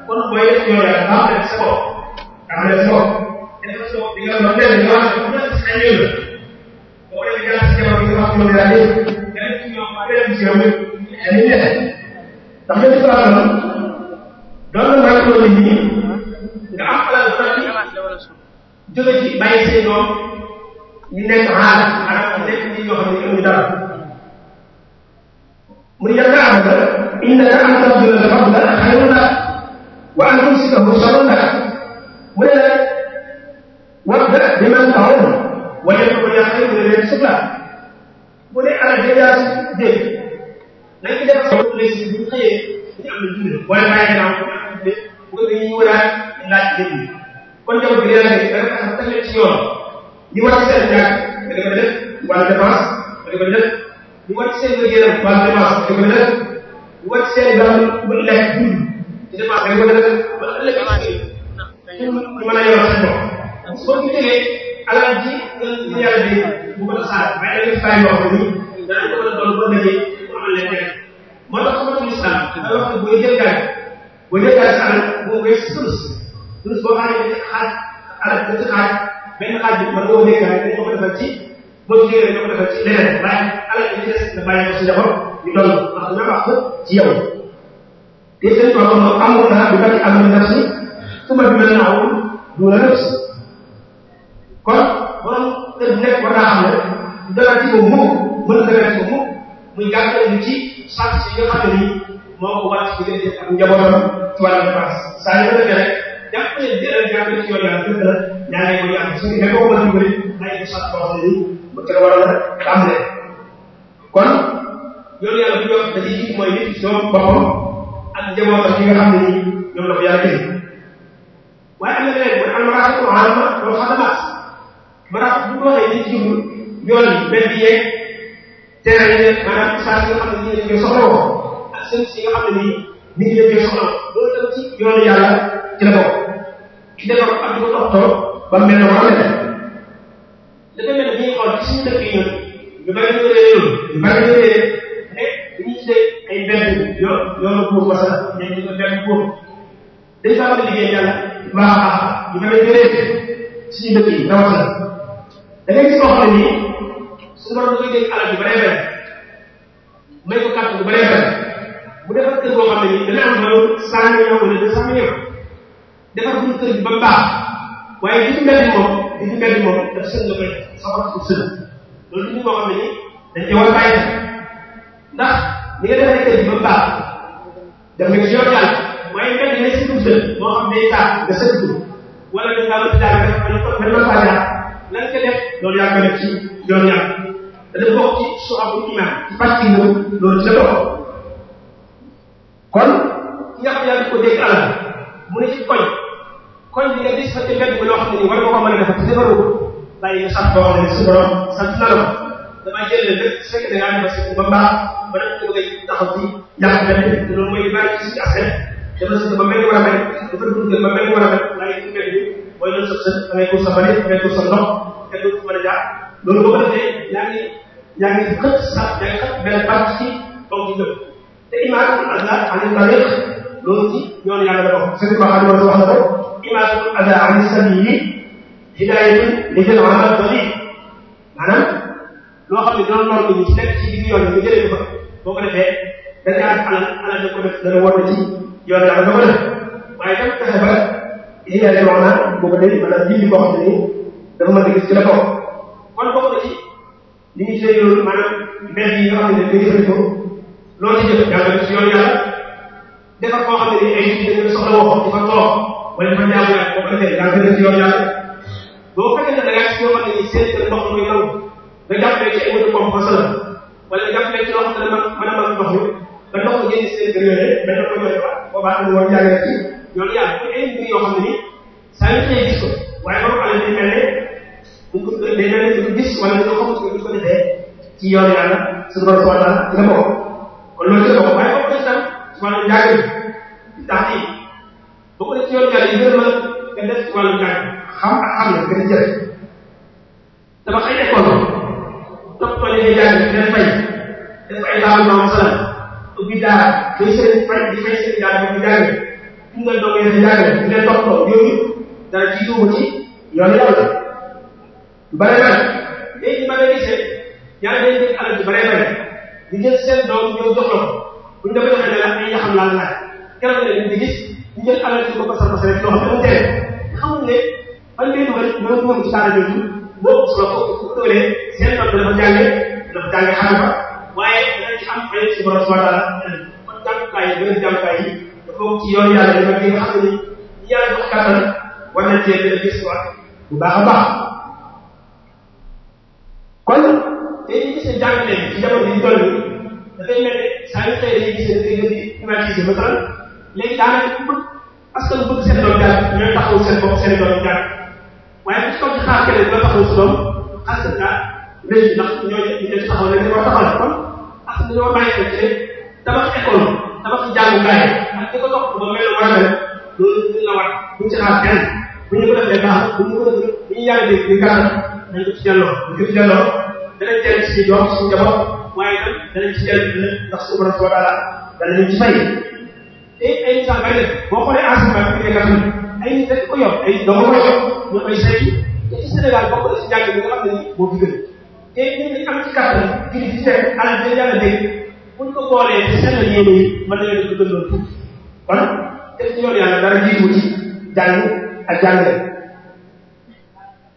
kon booy def yoon ya baax la nit nga am alal fàcc jóge ci bàyyi seen doom ñu nekk xaaral xaaral nekk nit ñoo xam ne amuñu dara mu ne da nga am dara innaka an tabdila al fadla xayran wa an tumsikahu loolu yàlla bi dana am tafet ci yoon ñu war seen ñàkk da nga koy def wàllu dépense da nga koy def ñu war seen wér-gu-yaram wàllu dépense da nga koy def ñu war seen dal bu lekk bu dépense da nga koy def wala ëllëg saa yoo yoonu yàlla ci la bokk ki defar ak du ko toxtoo ba mel ne war a mel dafa mel ne dañuy xool ci suñu dëkk yi ñun ñu bari ñu réer ñu bari ñu réer ne dañuy gisee ay benn yoo yoonu buur wasa ñen ñu ko benn buur dañ fa am liggéey yàlla waa ñu bari ñu réer suñu dëkk yi rawatina da ngay gis koo xam ne nii suñu borom da koy dégg alal ju baree bare may ko kàttan bu baree bare mu defar kër boo xam ne nii dana am valeur cent millions wala deux cent millions defar buñu kër bi ba baax waaye li ci mel ni moom li ci mel ni moom daf sën nga koy soxla pour sën loolu li ñu boo xam ne nii dañ ci war a bàyyi ndax li nga defaree kër bi ba baax def nga ci yoon yàlla waaye mel ni ne si dugub sën moo xam day taal nga sën ko wala dañ laa la ci daal nga xam ne dañ la faa jaar lan nga def loolu yaa ko def ci yoon yàlla dana bokk ci suxabu iman ci pàcc loolu ci la bokk kon ñi nga xam yaa ngi ko dégg alal mu ne ci koñ koñ bi nga gis fa te mbedd bi loo xam ne nii war nga ko mën a def te defaru ko bàyyi ñu sax boo xam ne si borom sant na la ko damaa jël leen rek su fekkee da ngaa def si ba mbaa ba def ko bëgg taxaw ci yàq benn te loolu mooy li bari ci suñu askan dafa sëkk ba mel ni war a mel dafa dundal ba mel ni war a mel laa ngi ci mbedd bi mooy loolu sëb sëb da ngay tuur sa bëri da ngay tuur sa ndox te du mën a jaar loolu boo ko defee yaa ngi yaa ngi xët sax yaa ngi xët benn bàcc ci kaw ci ñëpp te imaatul ada ani tariq loolu ci ñoom yàlla la bokk sëñ Ba xam wax na ko imaatul ada ani sabili hidayatun li jël ala dalil maanaam loo xam ne doon lor nit ñi ci ci digg yoon ñu jëlee ko boo ko defee dañuy ànd alal ko def dana woote ci yoon yàlla da ko def waaye tam fexe ba hidayatun wax naa boo ko li ñu tuddee yoon maanaam mbir yi nga xam ne loo ci jëf yàlla def ci yoon yàlla defar koo xam ne ni ay nit dañu soxla woo di fa toog wala fa jaamu yàlla boo ko defee yàlla def ci yoon yàlla boo fekkee ne da ngaa gis yoo xam ne ni seen kër ndox muy taw nga jàppale ci ay wutu pompe sa la wala nga jàppale ci loo xam ne mën mën a mën ndox mi ba ndox mi génn seen kër yooyee ba ndox mi yooyee waat boobaa amul woon yàlla ci yoon yàlla bu ay mbir yoo xam ne ni saa yu xëy gis ko waaye borom alal day mel ne bu ko day mel ne ko gis wala nga xamul ko ko defee ci yoon yàlla suñu borom subhanahu wa taala nga bokk kon loolu ci bokk waaye bokk na tam ci wàllu njàng ndax yi bokk na ci yoon yàlla yi gën a mën nga def ci wàllu njàng xam ak xam la gën a jël dama xëy école topp tool yi ngay jàng dina fay def ay laaw noo masala ubbi daara day seen fay di fay seen daara bi jàng fu nga doog yéen jàng fu nga topp toog yooyu dara ci duuma ci yoon yàlla bare bare léegi ma ne gisee yaa ngi leen di alal ci bare bare di jël seen doom ñëw jox la ko bu ñu defee defee ne la ay yaxam laa laaj keroog ne di gis ñu jël alal ci boppam sax rek loo xam ne tere xamul ne ban lay dugal mën dugal ci daara jooju boo ko ko bu dugalee seen doom dafa jàngee dafa jàngee xam nga waaye dana ci am ay ci borom subhanahu wa taala kon jàngukaay yi beneen jàngukaay yi dafa ci yoon yàlla dama gi nga xam ne ni yàlla jox kàttan war na cee gën a gis bu baax a baax kon dañuy gis ne jàngale ci jamono yi ñu toll dafay mel ne saa yu xëy dañuy gis ne dañuy gën di humanisé ba pare léegi daanaka ku bëgg askan bu bëgg seen doom jàng ñooy taxaw seen bopp seen doom jàng waaye ku toog di xaar keneen ba taxaw sa doom xas na léegi ndax ñooñu ñu leen taxaw ne war taxaw kon ak dañoo bàyyi ko ci tabax école tabax jàngukaay ak di ko topp ba mel war a mel loolu ñu la war bu ci xaar kenn bu ñu ko defee baax bu ñu ko defee bu ñu yàlla dégg ñu gàttal dañ ko ci jàlloo ñu ko ci jàlloo dana jëriñ suñu doom suñu njaboot waaye nag danañ ci jëriñ ndax suñu borom subhanahu wa taala danañ ci fay te ay misaal bay def boo xoolee enseignement bi nekk ay nit rek ko yor ay doomu ko yor ñoom ay saytu te ci Sénégal bokk na si njàng bi nga xam ne moo fi gën te ñu ngi am ci kàttan gi di ci seet alal bi yàlla dégg bu ñu ko boolee ci seen yéene yi mën na leen di gën loolu tuuti kon te ci yoon yàlla dara jiitu ci jàng ak jàngale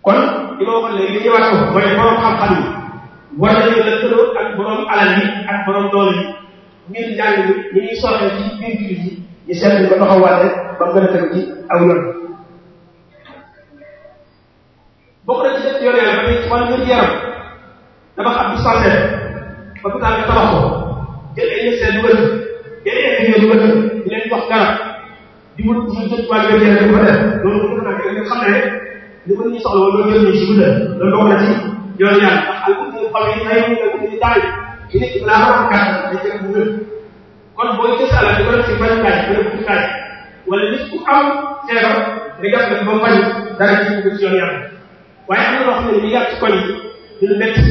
kon li ma waxoon léegi li ñëwaat ko mooy borom xam-xam yi war nañu lëkkaloo ak borom alal yi ak borom doole yi ngir njàng mi ñu ñuy soxla ci biir jullit yi ñu seetlu ko taxawaate ba gën a tegu ci aw yoon. bokk na ci def yoon yàlla ba tey ci wàllu wér yaram dafa xam du santé ba bu taal tabax ko jël ay ñëpp seen dugal jël ay ñëpp dugal di leen wax garab di wut di jot wàllu wér yaram di ko def loolu mën na nag xam ne li ko nit ñi soxla woon loolu yëpp ñu ci gudda loolu bokk na ci yoon yàlla ndax xol yi may yëngal ci taal yi nit balaa ma am kàddu day jël bu wér kon booy gis alal di ko def ci bañ kaay wala bu kaay wala nit ku am teeram day gàtt ba bañ dara ci dugg ci yoon yàlla waaye am na loo xam ne ñu yàgg ci koñ yi dina métti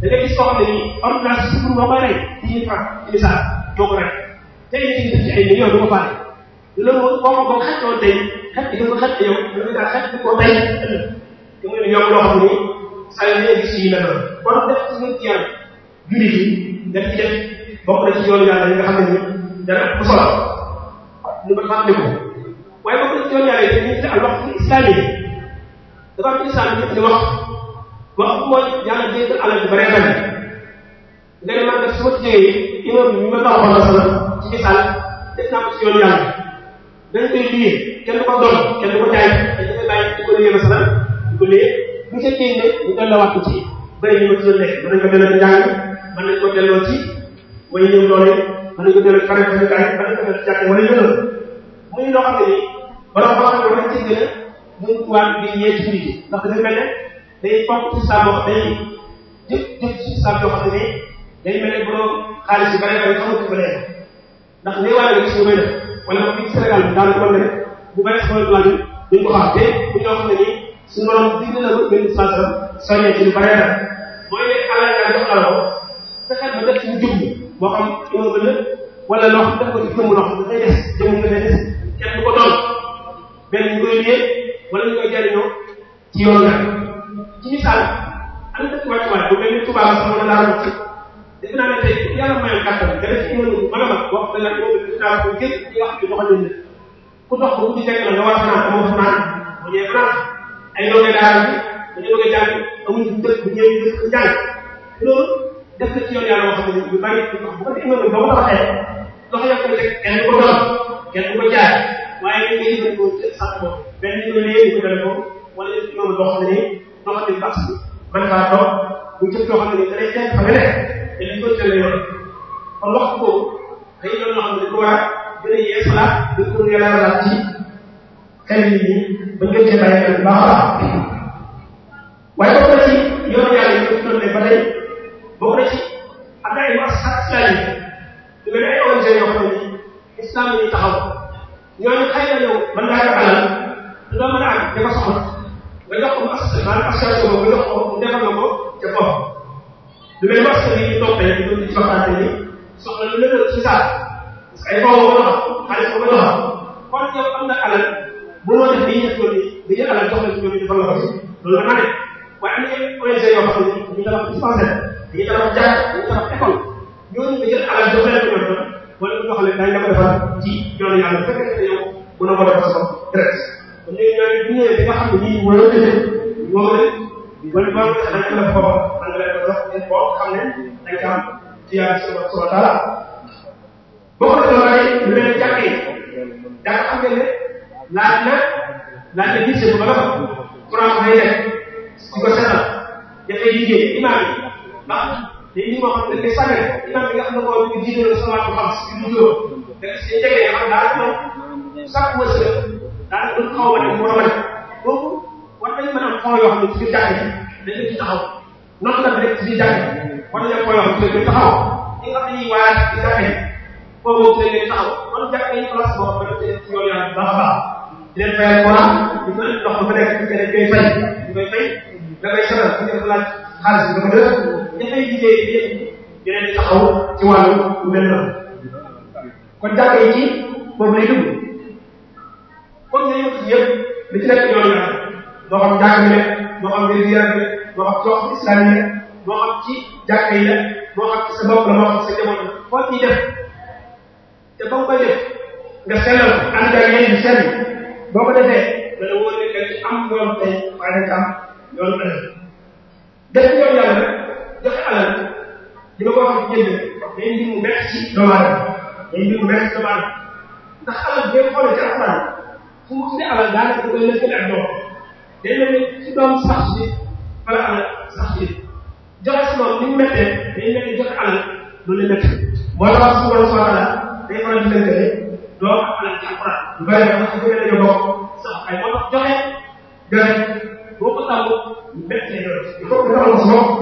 da ngay gis koo xam ne nii ordonnance si suñu moo koy rey dix francs ci misaal doo ko rey tey nit ñi def ci ay millions du ko bàyyi loolu boo ma ko xaj loolu tey xaj bi nga ko xaj yow da nga daal xaj bi ko bay ëllëg te muy yokk loo xam ne nii saa yu egg si ñu la doon kon def ci ñun ci yàlla jullit yi daf ci def bokk na ci yoonu yàlla nga xam ne ni dana bu solo ñu ko fàttali ko waaye bokk na ci yoonu yàlla yi dañuy te al waxtu islaami dafa am di wax wax mooy yàlla jënd alal bi bare bare nga ne nag su ma ci jógee imam bi ma taxawoon la sala ci misaal def naa ko ci yoonu yàlla dañ koy kenn du ko doon kenn du ko jaay dañ koy bàyyi di ko liyee masala di bu fekkee ne ñu delloowaat ko ci bëri ñu ma tuddal léegi mën nañ ko delloo ci njàng mën nañ ko delloo ci way ñëw doole mën nañ ko delloo ci fane fasukaay xam ne ni borom xam ne war ci gën a mun waat ne day day jëf boo xaalis yu bare bare xamul ko bële ndax ne waa gis ñu koy def wala fi Sénégal bi daal ko ne bu bare xamal plan bi duñ xam ne nii suñu borom digg na ko benn santam soññee ci lu bare la mooy ne alal nga jox alal fexeel ba def ci lu jublu moo xam ima ba nëpp wala loo xam def ko ci jëmm loo xam dafay des jëmm nga des kenn du ko doon benn ñu koy liyee wala ñu koy jariñoo nga ci misaal am dëkk wàccuwaay bu mel ni tubaab sax mën a daal ci defe naa ne tey yàlla mayoon kàttan nga def ci mënu mag a mag boo xam ne nag moom dinaa ko gën di wax ci doxalin ku dox bu ci fekk la nga war a naan moo ay ndongo daara bi dañoo koy jàng amuñu fu dëkk bu ñëwee ñu ko jàng loolu def na ci yoon yàlla wax nañu bu bari bu ko defee noonu ba mu waxee loxo yaa koy teg kenn du ko doon kenn du ko jaar waaye dañ koy jëfandikoo ci sax ko benn ñu ne léegi ko dal ko wala ñu noonu loo xam ne loo xam ne baax si man faa toog bu jëf loo xam ne da lay teel fa nga nekk te dañ koy teel yoon kon wax boobu day doon loo xam ne ko war a gën a yeesalaat gën ko gën a laalaat ci xel nit ñi bëgg nga cee bàyyi baax def noonu ni mu méttee day nekk jot alal du la métti moo tax subhanahu wa taala day faral di lëkkale doo am alal ci alquran lu bëri xam nga bëri nañu bokk sax ay moo tax joxe joxe boo ko tàmbu métti lay doon il faut que taxawu si bopp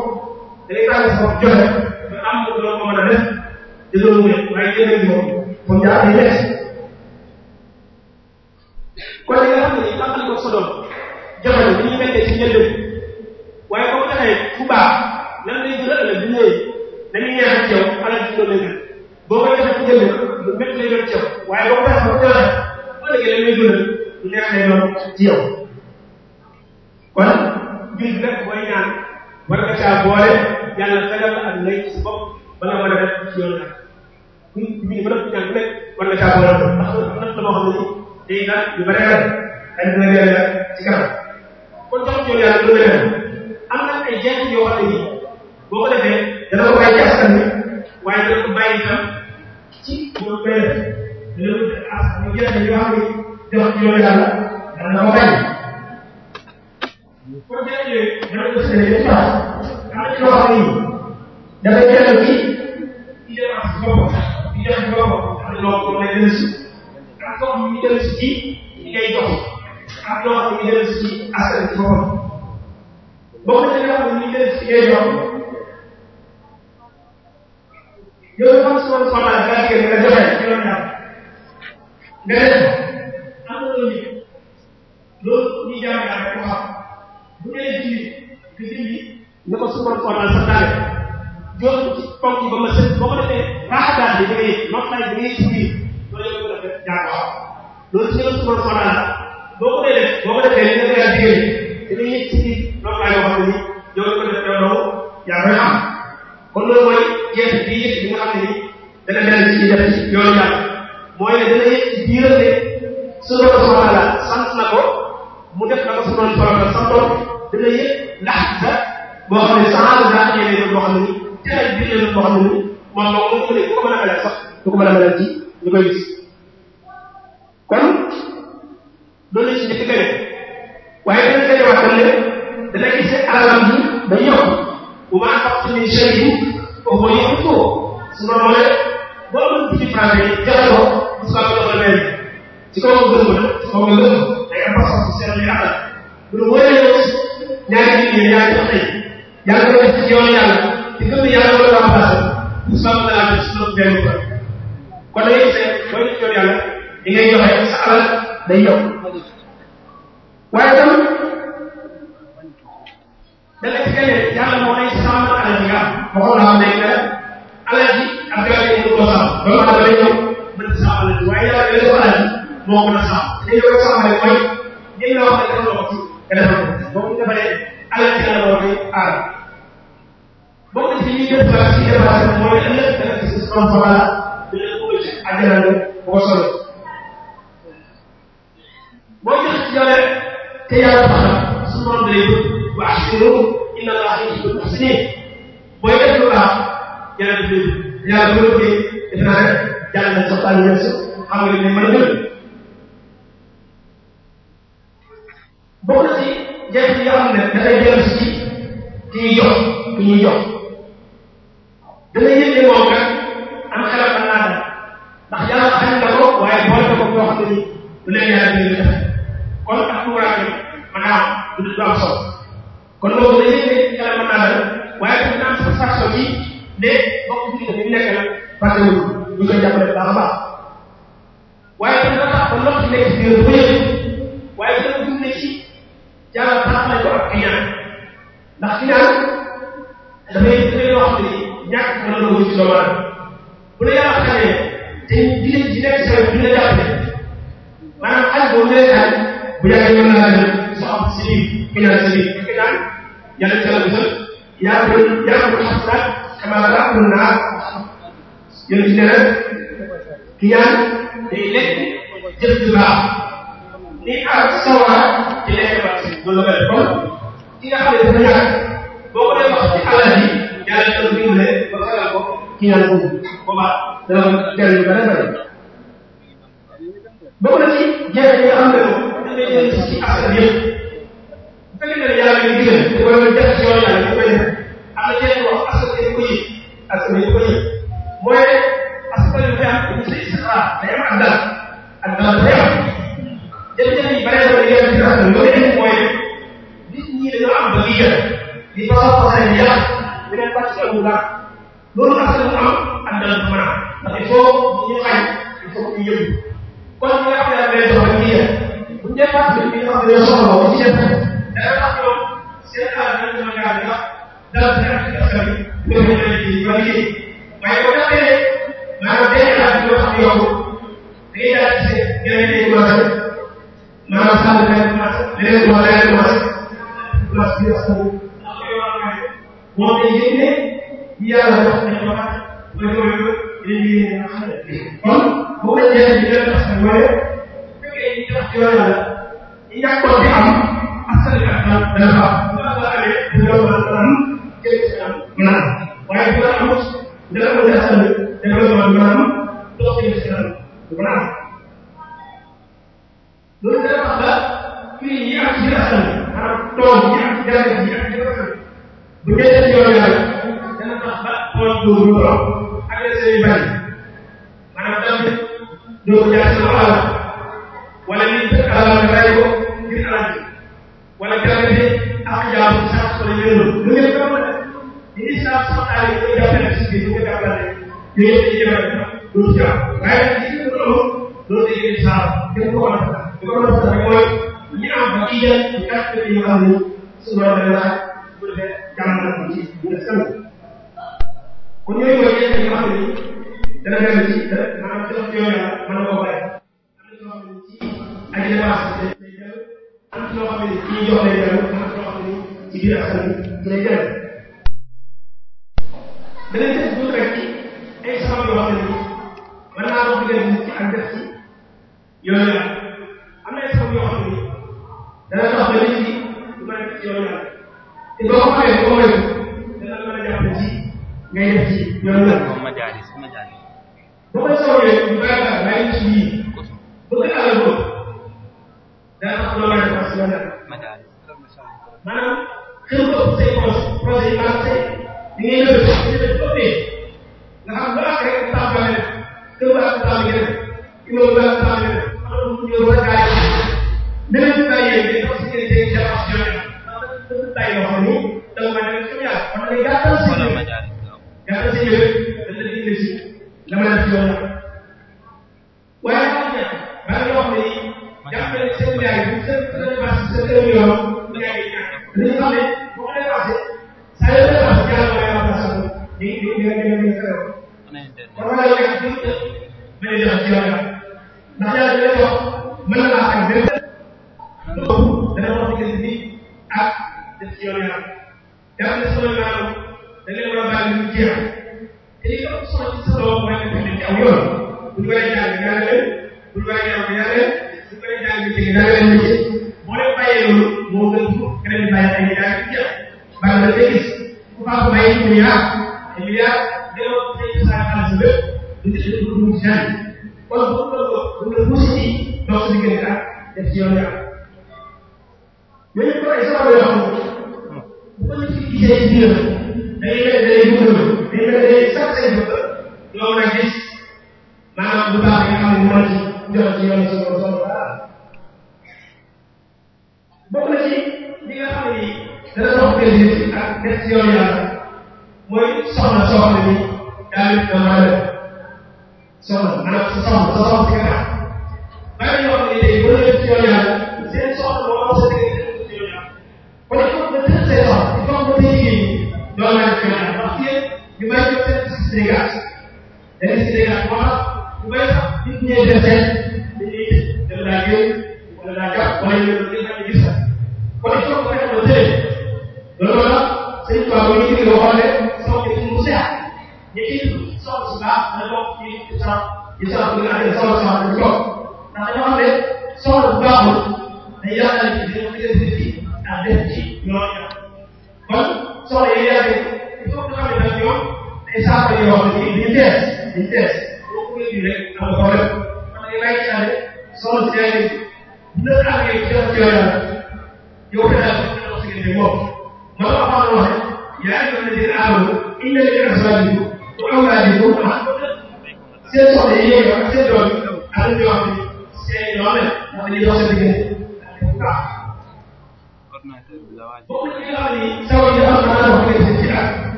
da ngay tànn si bopp joxe nga am nga doon ko mën a def te loolu mooy waaye jëndee moom kon ñaar day métti kon li nga xam ne tàmbali ko sa doom joxe bi ñu méttee ci njëndëm waaye boo ko defee bu baax lan lay gën a ëllëg bi ñëwee dañuy yeex ak yow alal ci loolu lay boo ko defee ci jënd lu métti lay doon ci yow waaye boo ko defee ba teewaat boo déggee dañ lay gën a neex lay doon ci yow kon jur nag booy ñaan war nga caa boole yàlla fegal la ak ngay si bopp bala nga def ci yoon nag ñun ñu mën a ñaan ku nekk war nga caa boole ndax am na loo xam ne day naan yu bare rek xëy na dina leeral ci kanam kon tax ñu yàlla lu am na ay jeexit yoo xam ne boo ko defee dana ko bàyyi askan bi waaye dana ko bàyyi itam ci ñoom koy def dana ko def askan bi yenn yoo xam ne jox ci yooyu yàlla dana na ko bàyyi kon jërëjëf yooyu dana ko sële yëpp daal am ci loo xam ni dafay jëlee ci ci jëlee ak boppam ci jëlee ak boppam ndax loolu loolu lay dellu si ak loo xam ne dellu si ci ñi ngay jox ak loo xam ne dellu si askan bi boppam boo ko defee loo xam ne dellu si ngay jox yow dafa am solo xabaar nga xëy nga joxe nga doon am na loolu jaam yaa ko xam bu dee ci que ci bi na ko suba xabaar sa taale jox ci ponk ba ma sëñ boo ko defee raaxataan bi da ngay nokkaay bi da ngay subi ko defee loolu ci la ko dee boo ko defee li nga koy digal ci nokkaay boo xam ne ko def yow kon loolu mooy jeexit bi yëpp bi xam ni dana mel ni ci def yoonu mooy ne dana yëg ci biiram ne sunu borom taala sant na ko mu def na ko sunu borom taala santoon dana yëg ndax da boo xam ne sans ndax yéene yoon boo xam ne ni teel biir yoon boo xam ne ni moom moom mu ko ne ku ko mën a melal sax du ko mën a melal ci ñu koy gis kon loolu ci njëkk beneen waaye dana tey wax tam ne dana gis alalam bi day yokk bu baax min shay'in fa huwa yuhibbuhu su ma mënee boo amul ci français yi jaxasoo su ko amee doxal ci kaw gëm na kaw nga gëm day am pas bu seen li àndal lu wóoree yow ñaari nit ñi ñaari wax tey yàlla ko def ci yoonu yàlla te gëm yàlla wala laa passé bu sa mën naa def suñu benn ko kon da ngay seet booy def yoonu yàlla di ngay joxe sa alal day yokk waaye tam da la ci keneen yàlla moo saaba ba léegi mën saaba la waaye yàlla li ko alal moo mën a saaba li ko saaba rek mooy li nga wax ne dafa nga defal ko boo ko defalee alal ci la war a aar bokk ci ñuy def la ci dépassé mooy ëllëg dana gis son saaba la bi la ko ci àjjana la boo ko solo boo ko ci jale te yàlla tax su moom day wa ahsinu inna allaha yuhibbul muhsinin booy def lu baax yàlla def yàlla defe naa ne jàngal soxlaani weesu xam nga ne mën a gën bokk na ci njëriñ yi nga xam ne dafay dellu si ci ñuy jox ki ñuy jox ne moom nag am xelal ak laata ndax yàlla xañ na ko waaye boole ko koo xam ne ni du leen yàlla dina def kon ak tuuraay bi maanaam du du am solo kon loolu dana yëg ne xelal ak laata waaye dina am satisfaction bi ne bokk ci li nga nekk fàtte wu ñu koy jàppale baax a baax waaye tam dafa tax ba ndox nekk ci biir bu yëg waaye dana dundee ci jàllal taxawaay ko ak ñaan ndax ki naan dafay dafay loo xam ne ñàkk mën na dugg ci doomu aadama bu la yàlla xamee te di leen di nekk sa duñ la jàppale maanaam xaj boobu leen xaj bu yàggee mën na laa jël sa am si lii ki naan si lii ki naan yàlla jàllal bi yaa ko yaa ko xam sax xamaa laa ko naa yéen ci nee kiyaan day lekk jëf ju baax li ak sawar ci lekk baax loolu la mel kon ki nga xam ne dafa ñàkk boo ko dee wax ci alal yi yàlla dafa dimbale ba xelal ko kiyaan boobu boobaa dana ko jëriñ lu bëri bëri bokk na ci jafe yi nga xam ne moom da ngay jël ci askan yëpp bu fekkee ne yàlla ñu digal wala jafe ci yoon yàlla ñu koy def am na jafe wax askan yi ko yëg askan yi ko yëg nag ngëneel mooy nit ñi dañoo am ba liggéey di pasal pasal yi yàq di leen bàcc ci amul dara loolu ak lu am ak dana ko mën a ndax il faut ñu xañ il faut ñu yëngu kon ñi nga xam ne dañ lay soxla ñu yëg bu ñu dee fàttali ñi nga xam ne dañoo soxla woon ci seen dara tax ñoom seen alal dana mën a gaal ndax dara dana ci askan bi loolu dana ci ba liggéey waaye bu fekkee ne maanaam benn laaj bi nga xam ne yow da ngay daal di seen ñeneen ñi ko maanaam sànni benn benn benn benn benn benn benn benn benn loolu dana tax ba fii ñi ak ci askan bi maanaam tool ñi ak jaay ñi ak bu dee def yoon yàlla dana tax ba tool boobu ñu toog agressé yu bari maanaam tamit ñoo jaay sama alal wala li fekk alal nga bàyyi ko ngir alal wala keneen bi ak jaamu sax soo leen yëngu lu ngeen ko mën a ñi sax sama taal yi koy jàppale si biir ñu ko jàppale ñu yëpp di jëmale du ci jàpp waaye nag ci loolu loolu day yëngu sax kenn ko mën a li ko doon sax mooy li am ba ci jël ñaar kër yi nga xam ne suñu la laaj bu defee jàngal ko ci bu def sënk kon yooyu mooy yenn yi nga xam ne dana dem ci dana maanaam ci wax yooyu la mën na koo bàyyi am na ñoo xam ne ci ay débat day jël am na ñoo xam ne ci jox lay jël am na ñoo xam ne ci biir askan bi lay jël danañ def bu rek ci ay sabab yoo xam ne mën naa wax leen ci ak def ci yooyu la am na ay sabab yoo xam ni dana tax ba nit ki du mën a def ci yoonu yàlla te boo ko xamee boo ko def dana mën a jàpp ci ngay def ci yoonu yàlla. moom ma jaari sama jaari. boo ko soobee ñu bàyyi la bàyyi ci yii bëgg naa la lool dana tax loo mën a def ci yoonu yàlla. maanaam xëy na say projet projet yi baax say da ngay nëbëtu.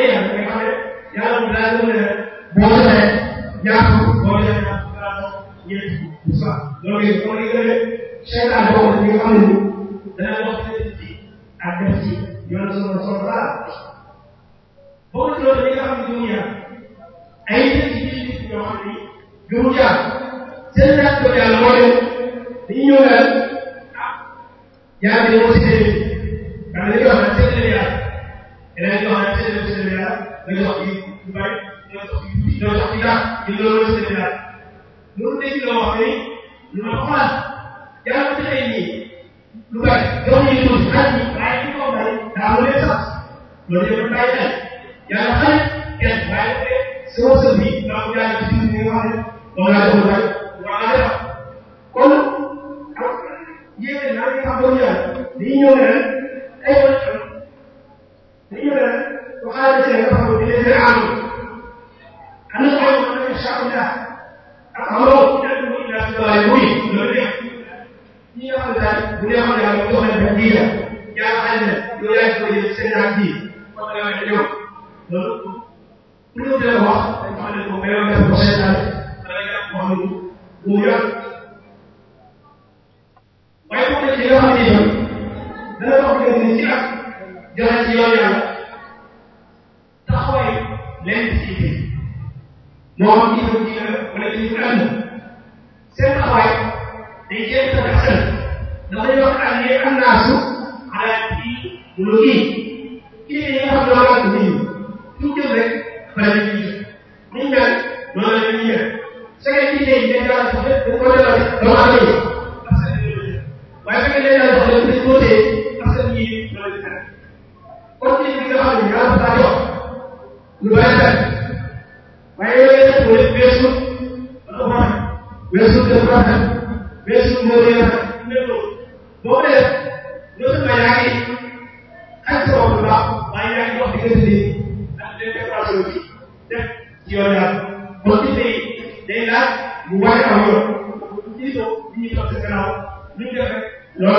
loolu yëpp loolu yëpp dafa nekk seetaan boobu ñu xam ne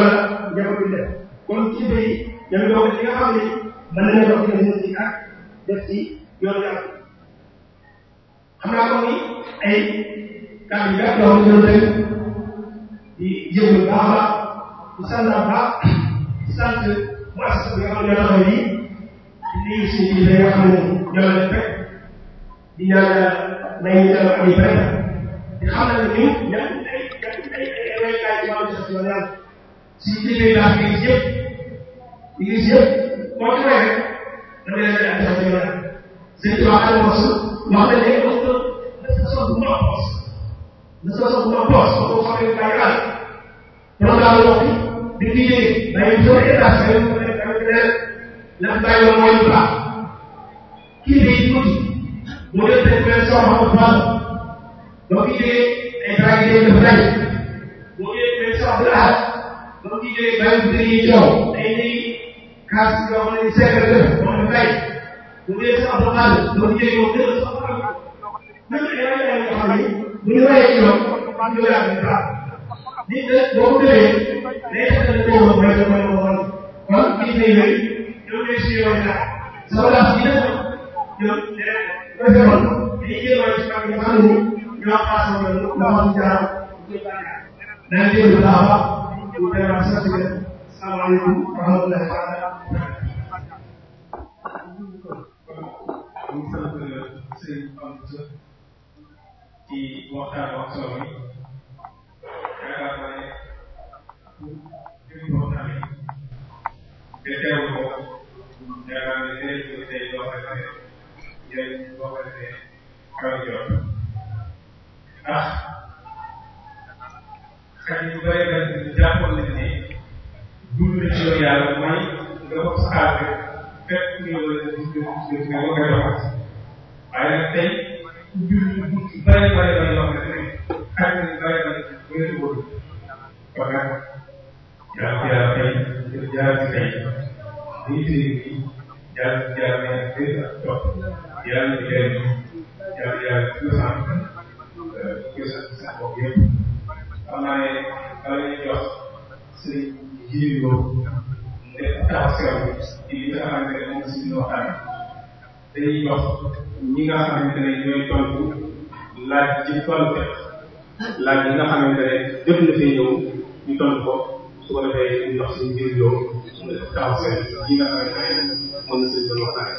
loola njaboot yi def kon ci béy ñoom ñoo ko li nga xam ne mën nañu dox ci nit ñi ak def ci yoonu yàlla xam naa ko ni ay kàddu yu yoo xam ne di jël baax a baax sant baax sant mu as bi nga xam ne ñoo taxaw yi lii si bi nga xam ne ñoo la fekk di ñaan may ñu ay di xam ne ni ñaan ay ay ay ay ay ay ay ay ay ay si kii la ñu ngi yëpp ñu ngi yëpp boo ko rek da ngay def ay jafe-jafe la sëñ bi wax dëgg mos wax dëgg day mos na sa bu ma mos na sa bu ma mos boo xam ne daal daal programme wax bi dañ koy yëg da ngay jël état da ngay mën a da ngay def ndax daay yoon mooy baax kii day tuuti mu def def benn soxla bu baax boo ko yëgee ay traité dafa dañ boo yëgee benn soxla soo ko jógee bàyyi bi dañuy ñëw day day kaas yoo xam ne seetlu la def moo def bàyyi bu dee sa avocat soo ko jógee moom dëgg la sa avocat même que yàlla yàlla yoo xam ne bu ñu bàyyee ci ñoom ñu yaa ngi baax nit la boo ko déggee day tax a dëgg moom mooy mooy moom kon kii day yooyu ñoom ñooy suñu yoon daal sa walaas yi nag ñoom day defoon dañuy jéem a ci kàddu gi xam ne ñoo xaasoo loolu ndax am jaaraam daal di yëngu baax a baax ñu ngi lay wax sant bi salaamaaleykum wa rahmatullahi taala ñu sant sëriñ Amsa ci waxtaan wax solo bi yaakaar naa ne pour waxtaan bi te teewul ko yaakaar naa ne dinañ ko tey loo xam ne dinañ loo xam ne kaw jot ndax xëy na ñu bëri bëri ñu jàppoon nañu ne dund ci yoon yàlla mooy nga ko saxaar rek fekk nga la gis nga gis nga nga doxal waaye nag tey mbir mi bu bëri bëri bëri yoo xam ne xëy na ñu bëri bëri bu ngeen ko wóorul kon nag yàlla ko yàlla tey jël jaar ci tey muy téye bi jaar ci jaar nañ ak béy ak topp yàlla ñu jëriñu yàlla yàlla ci la sant ko taxaw seetlu ci li nga xamante ne moom suñu waxtaan dañuy jox ñi nga xamante ne ñooy tontu laaj ci wàllu laaj yi nga xamante ne jot na fee ñëw ñu tontu ko su ko defee ñu jox suñu mbir yoo taxaw seetlu ñi nga xamante ne moom la suñu doon waxtaan.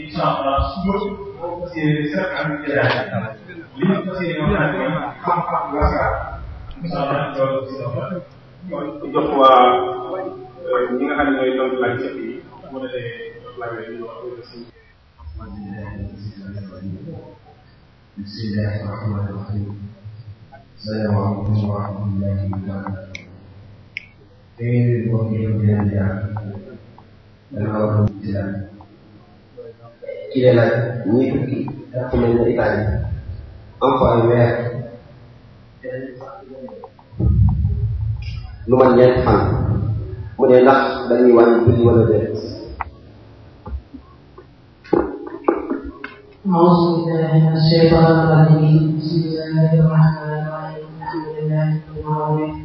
incha allah suba boo ko séenee seet am jëlaat li ñu fas yéene wax nag xam-xam wasaar. kon jox waa ñi nga xam ne mooy doon laaj jëf yi mu ne laaj la ñu wax aussi. بسم الله الرحمن الرحيم السلام عليكم ورحمة الله وبركاته غير الوكيل من الجهل الغرب الجهل إلى لا نيتك أقوم من الإبادة amfani weer lu man ñeent fan mu ne ndax dañuy wàññi julli wala déet أعوذ بالله من الشيطان الرجيم بسم الله الرحمن الرحيم الحمد لله رب العالمين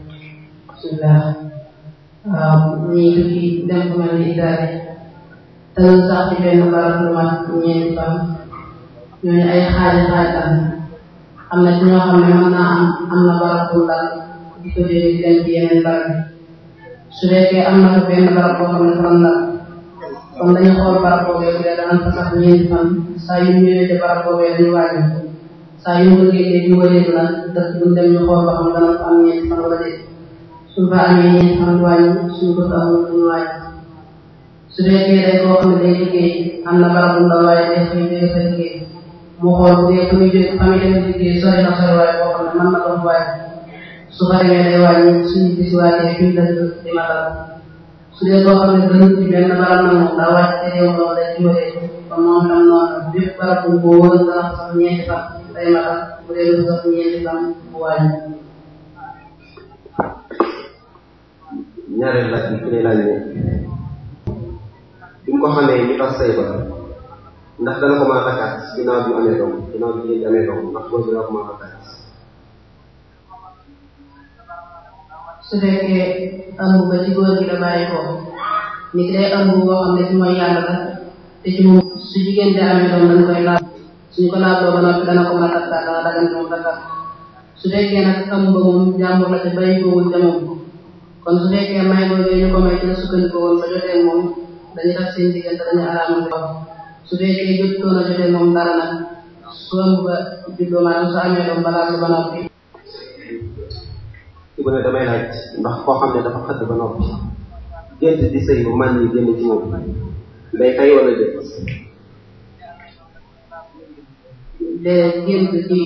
بسم الله ñii tukki dem fu mel ni Italie te sax ci benn barab lu mat ñeenti fan ñooñu ay xaaji xaaj am am na ci ñoo xam ne mën naa am am na barab bu lal di ko jëlee di dem ci yeneen barab yi su fekkee am na fa benn barab boo xam ne fan la kon dañu xool barab boobee bu dee daan fa sax ñeenti fan saa yu ñëwee ci barab boobee dañu waaj saa yu ko génnee ñu wëleeg la dëkk bu dem ñu xool ba xam dana fa am ñeenti fan wala déet suñ fa amee ñeenti fan wàññi suñ ko fa amul duñu waaj su fekkee day koo xam ne day liggéey am na barab bu la waaye day xëy day fa liggéey mu xool bu dee muy jóg fa muy dem liggéey sori na sori waaye boo xam ne mën na ko waaye su fa demee day wàññi suñu bis waajee fi mu dëkk di matal su dee boo xam ne gënu ci benn barab na moom daa wàcc te yow loolu day jógee kon moom tam noonu bépp barab bu ko wóor nga wax sax ñeenti fan day matal bu dee lu sax ñeenti fan mu wàññi. ñaareel laaj bi ki lay laaj ne bi nga ko xamee ñu tax say ba ndax dana ko mën a takkaat ginnaaw bi amee doom ginnaaw bi léegi amee doom ndax loolu dana ko mën a takkaat. su fekkee ëmb ba ci góor gi la bàyyi ko ni ki day ëmb boo xam ne ci mooy yàlla la te ci moom su jigéen de amee doom dañ koy laaj suñu ko laaj ba noppi dana ko mën a takkaat dana dagan moom takkaat su fekkee nag ëmb ba moom jàmbur la te bàyyi ko woon te moom kon su fekkee may boobu ko may ci la sukkandiku woon ba jotee moom dañuy tax seen diggante dañuy araamal su fekkee jotoon a jotee moom dara nag su am ba juddoo maanaam su amee doom balaa ko ba noppi. su ko ne damay laaj ndax koo xam ne dafa xëdd ba noppi gént di sëy bu man yi génn ci moom day kay wala déet. de gént ci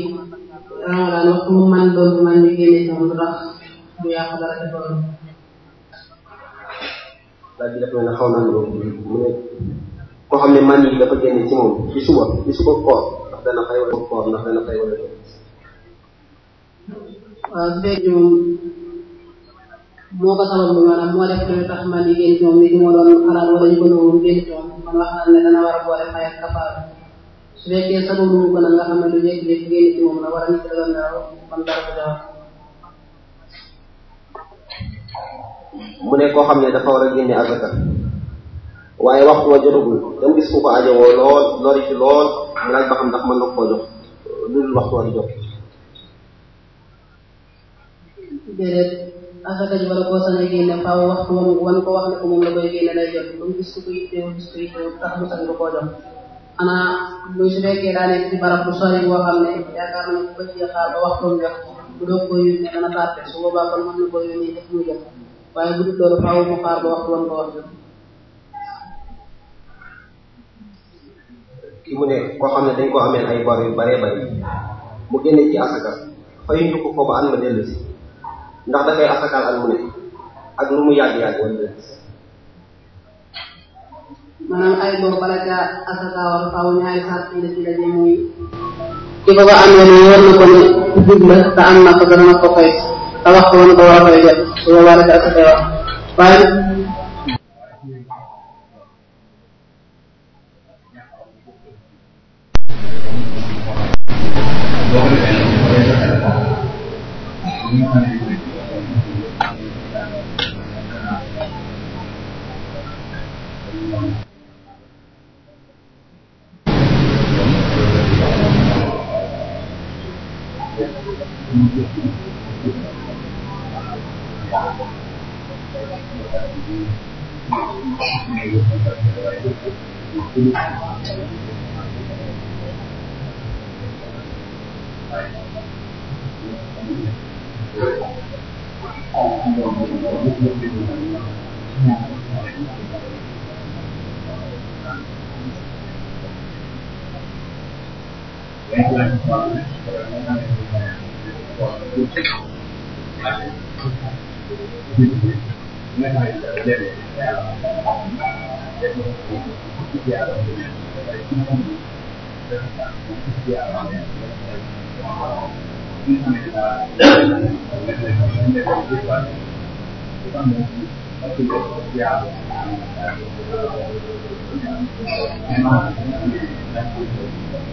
ramadan waxtu mu man doon man yi génn ci moom ndax du yàq dara ci borom. laaj bi dafa mel ne xaw mu koo xam ne man yi dafa génn ci moom ci suba ci suba koor ndax dana fay wala su fekkee moom moo ko sabab a boole fay xam ne dafa war a génne azaka waaye waxtu wa jotagul dem gis ku ko ajowoo lool lori lool mu laaj ba xam ndax mën na koo jox lu dul waxtu wa di jot déedéet asaka ji bala koo sañ a génne faaw waxtu wam ko wax ne ko moom la koy génne ko yitteewul ko yitteewul tax ko koo ne yaakaar na waaye bu dul loolu faaw mu xaar ba waxtu wan ko wax ki mu ne koo xam ne dañ ko ameel ay bor yu baree bari mu génne ci asaka fayuñu ko ko ba an ma dellu si ndax da koy asakaal ak mu ne ak lu mu yàgg-yàgg wala dellu si maanaam ay bor bala ca asakaawal faaw ñaari xaar yi la ci daje muy ki ko ko amee ne war na ko ne jub la te am na ko dana ko fay te wax ko woon ko war a fay def su boobaa la ca asakaawal waaye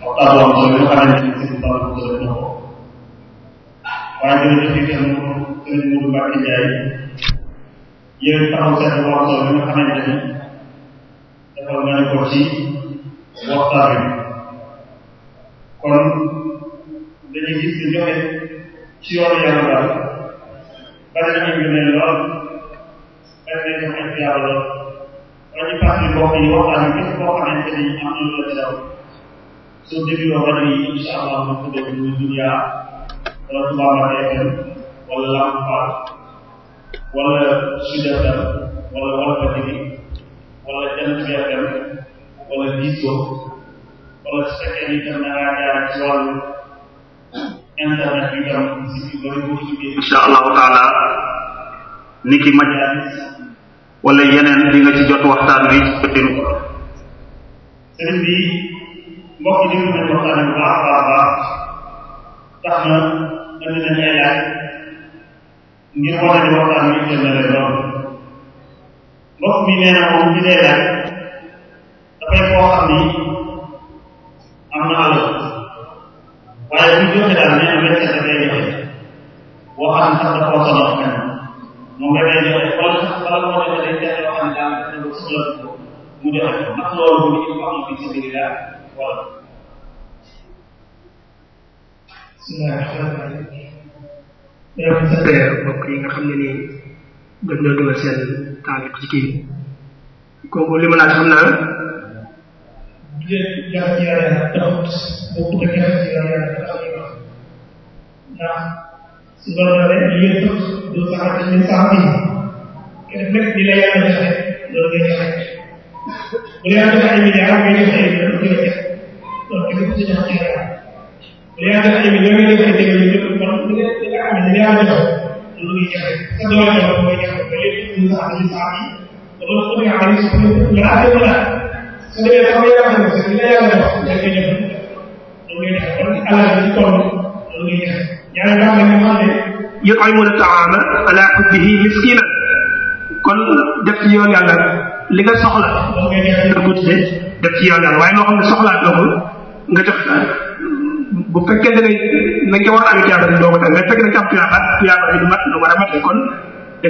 moo tax doon soo yu xarañ ci si taw bu soo na ko waaye dina ci fekk mu sëñ Mourou Mbacke Ndiaye yéen taxaw seet bu am soo yu xarañ ci defal nañ ko ci waxtaan bi kon dañu gis ne joxe ci yoonu yàlla daal bari nañu ne lool bari nañu ne yàlla lool waaye ñu fàttali mbokk yi waxtaan bi képp koo xamante ni am na lu la suñ déglu woon rajo yi incha allah mu tuddee muy dunia wala Touba FM wala Lampa wala Sud FM wala Walfadjri wala Jant FM wala Diso wala su fekkee ni tam na ngaa jaar ci wàllu internet bi tam si ci bëri boo tuddee incha allahu taala ni ki majalis wala yeneen di nga ci jot waxtaan wi jotinu ko sëriñ bi mbokk yi déglu nañu waxtaan bu baax a baax tax na indi nañu ay laaj ngir wane ne waxtaan bi jël na leen lool mbokk mi nee na moom ñu dee laaj dafay koo xam ni am na alal waaye bu joxe daal nee na weccet dafay joxe boo xam ne sax dafa ko sonal kenn moom dafay joxe wala sax bala moo joxe day joxe loo xam ne daal dafa ko soxla mu joxe ndax loolu bu ñu wax na fi ci biir daal waaw. mbokk yi nga xam ne nii gën ñoo dugal seen taalit ci kii kooku li ma laaj xam naa. léegi jafe yàlla taxut boobu da jafe yàlla taxut ndax su doon rek yéen sax du sax dañuy sax bi kenn nag di la yàlla joxe loolu ngay joxe bu la yàlla joxe ay milliards ngay joxe ay milliards li nga xam ne li nga xam ne li nga xam ne li nga xam ne li nga xam ne lu muy jafe sa doole doole mooy jafe ba lépp ñu sax ñu sax yi loolu su nga xam ne su ñu laa déglu la su demee dafa may wax ne sa li la yàlla wax da ngay jafe lu muy jafe kon alal bi toll lu muy jafe ñaari nga xam ne nga xam ne yutimuna taama ala hubbihi miskina kon def ci yoon yàlla li nga soxla nga ko tuddee def ci yoon yàlla waaye loo xam ne soxlaa doogul nga jox bu a am ko def mais fekk na ci am tiyaaba a mat nga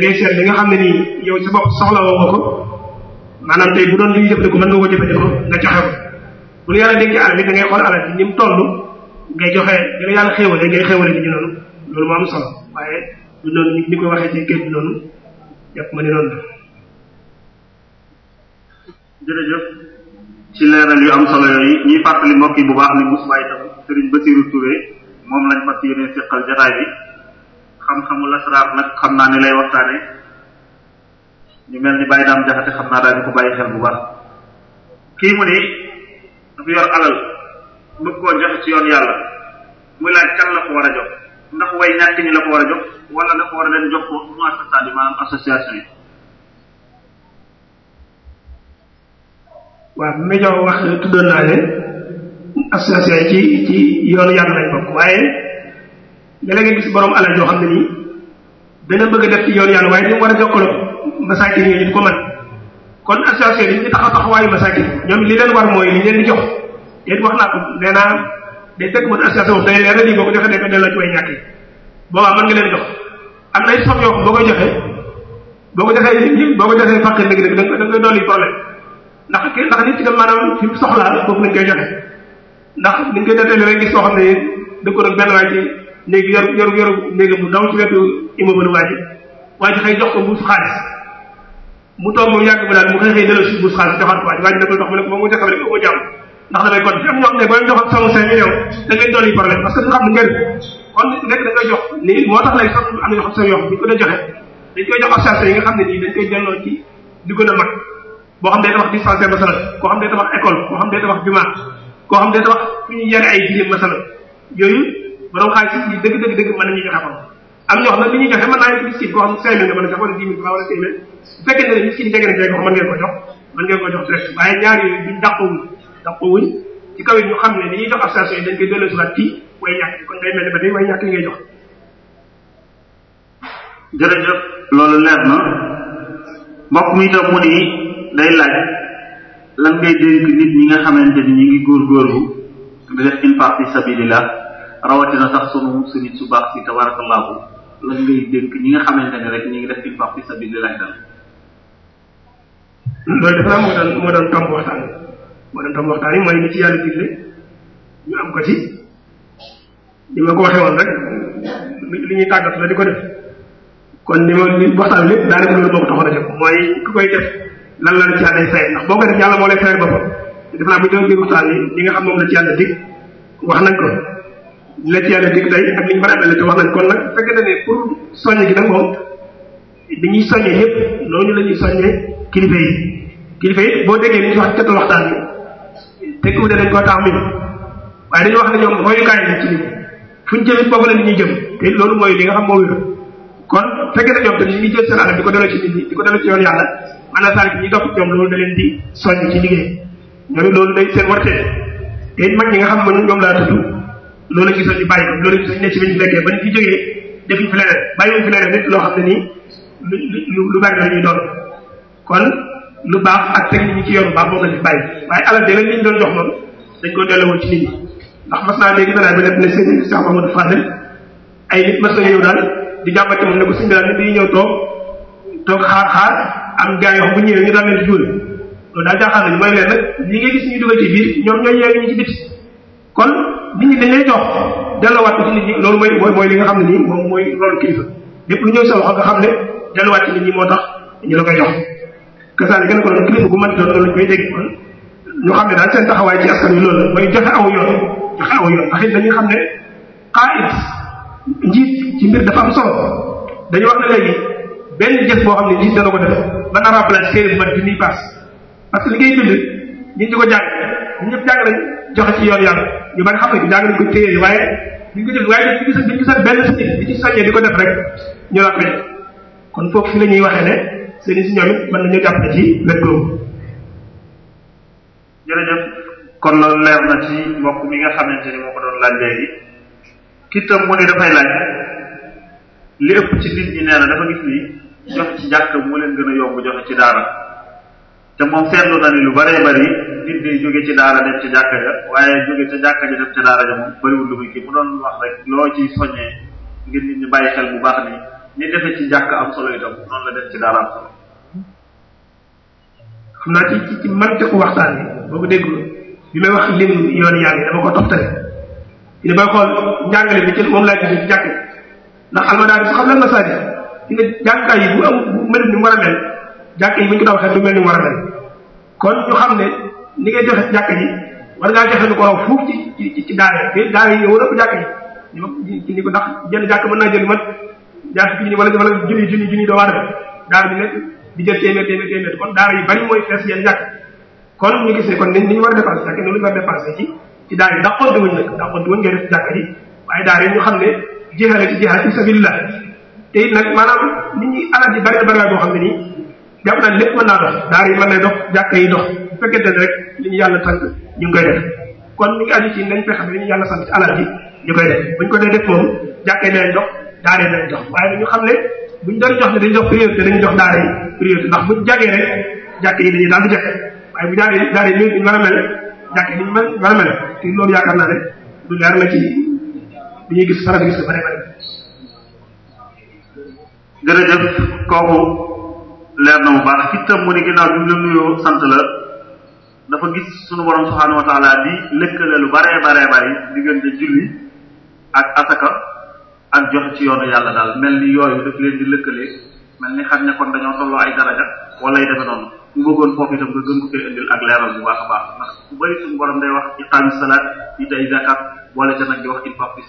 xam ne nii yow sa bopp soxla woo bu doon li ñu jëfandikoo mën nga ko jëfandikoo xool alal ni mu ngay joxe li la yàlla xéwale ngay xéwale di ñu noonu loolu moo am waaye du koy waxee ci géej noonu jàpp ma ni noonu la jërëjëf ci leeral yu am solo yooyu ñuy fàttali mbokk yi bu baax ni bu subaa itam Serigne Bassirou Touré moom lañ fas yéene seqal jataay bi xam-xamu lasraar nag xam naa ni lay waxtaane ñu mel ni bàyyi daam jaxate xam naa daañu ko bàyyi xel bu baax kii mu ni dafa yor alal bëgg joxe ci yoon yàlla muy laaj kan la ko war a jox ndax way ñàkk ñi la ko war a jox wala la ko war a leen jox ko mu association yi waaw médion wax tuddoon naa leen association yi ci ci yoonu yàlla lañ bokk waaye léeg-léeg nga gis borom alal joo xam ne nii dana bëgg a def ci yoonu yàlla waaye ni mu war a jokkaloo masaakin yi ñu ko mën kon association yi ñu taxaw taxawaayu masaakin ñoom li leen war mooy li leen di jox yéen wax naa ko nee naa day fekk mën association day leer na lii boo ko joxee day ko delloo ci way ñàkk yi boobaa mën leen jox am na ay sox yoo boo koy joxee boo ko joxee boo ko joxee fàq léegi-léegi da ndax ki ndax nit ki dem maanaam fi mu soxlaal foofu lañ koy joxe ndax liñ koy defee rek gis soo xam ne dëkkoon ak benn waa léegi yor yor yor néegam bu daw ci wetu immeuble waa ji waa ji xëy jox ko mbuus xaalis mu toog moom yàgg ba daal mu xëy xëy delloo si mbuus xaalis defaat ko waa ji waa ji da koy dox mu ne ko moom mu da ngay dolli problème parce que du xam ne ngeen kon nekk da ngay jox ni moo tax lay sax am na yoo xam sa yoo ko doon joxe dañ koy jox association yi nga xam ne nii dañ koy delloo ci di gën a mag boo xam day tabax dispensaire masala koo xam day tabax école koo xam day tabax juma koo xam day tabax fu ñu yare ay jigéen masala yooyu borom xaalis yi dëgg dëgg dëgg mën nañu joxe xam am ñoo xam ne li joxe mën a jox ne miskin jege na jege ko mën ngeen ko jox mën ngeen ko jox direct waaye ñaar yooyu duñ dàqowuñ dàqowuñ ci kaw ñu xam ne li ñuy jox association yi dañ koy delloo suwaat ci way ñàkk kon day mel ne ba day way ñàkk li ngay jox jërëjëf loolu leer na mbokk mi itam mu di day laaj lan ngay dénk nit ñi nga xamante ni ñu ngi góorgóorlu di def infaq fi sabilillah rawatina sax sunu su nit su baax si tabarakallahu lan ngay dénk ñi nga xamante ni rek ñu ngi def infaq fi sabilillah dal moo doon tomb waxtaan yi mooy li ci yàlla digle ñu am ko ci li ma ko waxee rek li ñuy tàggat la di ko def kon li ma li waxtaan lépp daanaka loolu moo ko taxoon a jóg mooy ku koy def lan la la ci yàlla fay ndax boo ko def yàlla moo lay fayal boppam def naa bu ñu doon jël waxtaan yi li nga xam moom la ci yàlla dig wax nañ ko li la ci yàlla dig day ak li ñu mën a amee wax nañ kon nag fekk na ne pour soññ gi nag moom bi ñuy soññee ñëpp noonu la ñuy soññee kilifa yi kilifa yi boo déggee li ñu wax jotul waxtaan bi tekkiwu dañ koo tax mi waaye dañu wax ne ñoom royukaay la ci nit fu ñu jëlee foofu la nit ñuy jëm te loolu mooy li nga xam moo wér kon fekk na ñoom tamit ñu ngi jël seen alal di ko delloo ci nit ñi di ko delloo ci yoon yàlla mën a saal ci ñi dox ñoom loolu da leen di soññ ci liggéey ñoom day seen warte te mag ñi nga xam man ñoom laa tudd loolu gisoon ñu bàyyi ko loolu gisoon ne ci biñ fi nekkee ba ñu fi loo xam ne nii lu lu bari la ñuy doon kon lu baax ak ci yoon baax moo ko ci bàyyi waaye alal de li ñu doon jox moom dañ ko delloo ci nit ñi ndax mas naa dégg danaa bi def ne sëñ Cheikh ay nit mas na ñëw daal di jàmbate moom ne ko suñ bi daal nit ñi ñëw toog toog xaar xaar am gaa yoo bu ñëwee ñu daal leen juul loolu daal jaaxal nañu mooy leen nag li ngay gis ñu dugal ci biir ñoom ñooy yeewi ñu ci biti kon nit ñi dañ lay jox delluwaat ko mooy li nga xam ne nii moom mooy rôle lu ñëw sa wax nga xam ne delluwaat ci nit ñi moo tax ñu la ko jox kasaani gën kan ko doon kilifa bu mën doon loolu koy dégg kon ñu xam ne daal seen taxawaay ci askan wi loolu la mooy joxe aw yoon joxe aw xam ne xaait njiit ci mbir dafa am solo dañu wax ne léegi benn jëf boo xam ne njiit dana ko def mën na remplacer téere bu mat bi muy paas parce que li ngay ñu ko jàng ñun joxe ci yoon yàlla ñu bari xam ne jàng nañ ko téere waaye ñu ko ñu gis ñu ci soññee di ko def rek ñu la ñuy waxee ne seen si ñoom it mën kon loolu leer na ci mbokk mi nga xamante ni moo ko doon laaj léegi ki tam mu ne dafay laaj li ëpp ci nit ñi nee na dafa gis ni. joxe ci jàkk moo leen gën a yomb joxe ci daara te moom seetlu na ni lu baree bari nit day jóge ci daara dem ci jàkka ja waaye jóge ci jàkka ja dem ci daara ja moom bariwul lu muy loo ci soññee ngir nit xel bu baax ni ni defe ci jàkk am solo itam noonu la xam naa ci ci waxtaan boo ko déggul bi may wax lim yoon yàlla ndax almadaari su ñu ne jànkuwaay yi bu am bu mel ni mu war a mel jàkk yi bu ñu ko daaw xel du mel ni mu war a mel kon ñu xam ne ni ngay joxe jàkk ji war ngaa ko raw fuuf ci ci ci daara te daara yi a ëpp jàkk ji ñu ci ni ko ndax jenn jàkk mën naa jël mat ñaar fukki junni wala wala bi nekk di jël téeméer téeméer téeméer kon daara yi bari mooy fees yenn kon ñu gisee kon war a dépensé jàkk noonu ñu a dépensé ci ci daara yi dàqoon di wuñ nag dàqoon di wuñ waaye daara yi ñu xam ne jihaale ci jihaal fi sabilillah te it nag maanaam nit ñi alal ji bari na bari boo xam ne nii jàpp naa lépp mën naa dox daar yi mën nay dox jàkka yi dox bu fekkente ne rek li ñu yàlla tànk ñu ngi koy def kon mi ngi aju ci nañ fexe ba li ñu yàlla sant ci alal bi ñu koy yi dox daar yi dinañ waaye ñu xam ne bu ñu doon jox ne dañu jox priorité dañu jox daar yi priorité ndax bu ñu jagee rek daal di jafe waaye bu daar yi yi ñëw ñu mën a mel yi ñu a mel yaakaar naa ne lu la ci li ñuy bare bare jërëjëf kooku leer na mu baax itam mu ne ginnaaw bi mu la nuyoo sant la dafa gis sunu borom subhaanahu wa taala di lëkkale lu baree bare bari diggante julli ak asaka ak joxe ci yoonu yàlla daal mel ni yooyu daf leen di lëkkalee mel ni xam ne kon dañoo tolloo ay daraja wala ay defe noonu mu bëggoon foofu itam nga gën ko fee indil ak leeral bu baax a baax ndax bu bari sunu borom day wax iqaamis salaat itaay zakat boole ca nag di wax infaq fi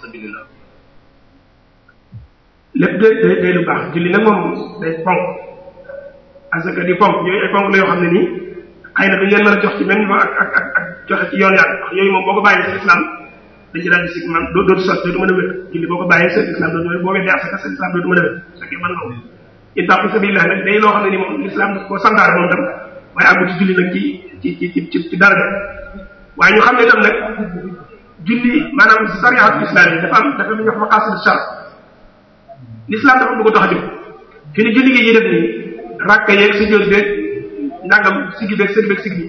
lépp day day day lu baax julli nag moom day ponk asaka di ponk yooyu ay ponk la yoo xam ne nii xëy na duñ leen mën a jox ci benn niveau ak ak ak joxe ci yoon yàlla ndax yooyu moom boo ko bàyyi ci islam dañ ci daal di si maanaam doo dootu sotti dootu mën a wér julli boo ko bàyyi sa islam dootu mën a boo weddee asaka sa islam dootu mën a wér su fekkee mën nga ko ittaqu sabilillah nag day loo xam ne nii moom l'islam daf koo santaar moom tam waaye àggu ci julli nag ci ci ci ci ci dara waaye ñu xam ne tam nag julli maanaam sariat islam yi dafa am dafa lu ñuy wax maqasid shar l'islam dafa am ko tax a jóg fi ni julli gi ñuy def nii rakka yeeg si jóot beeg nangam sigi beeg sëñ beeg sigi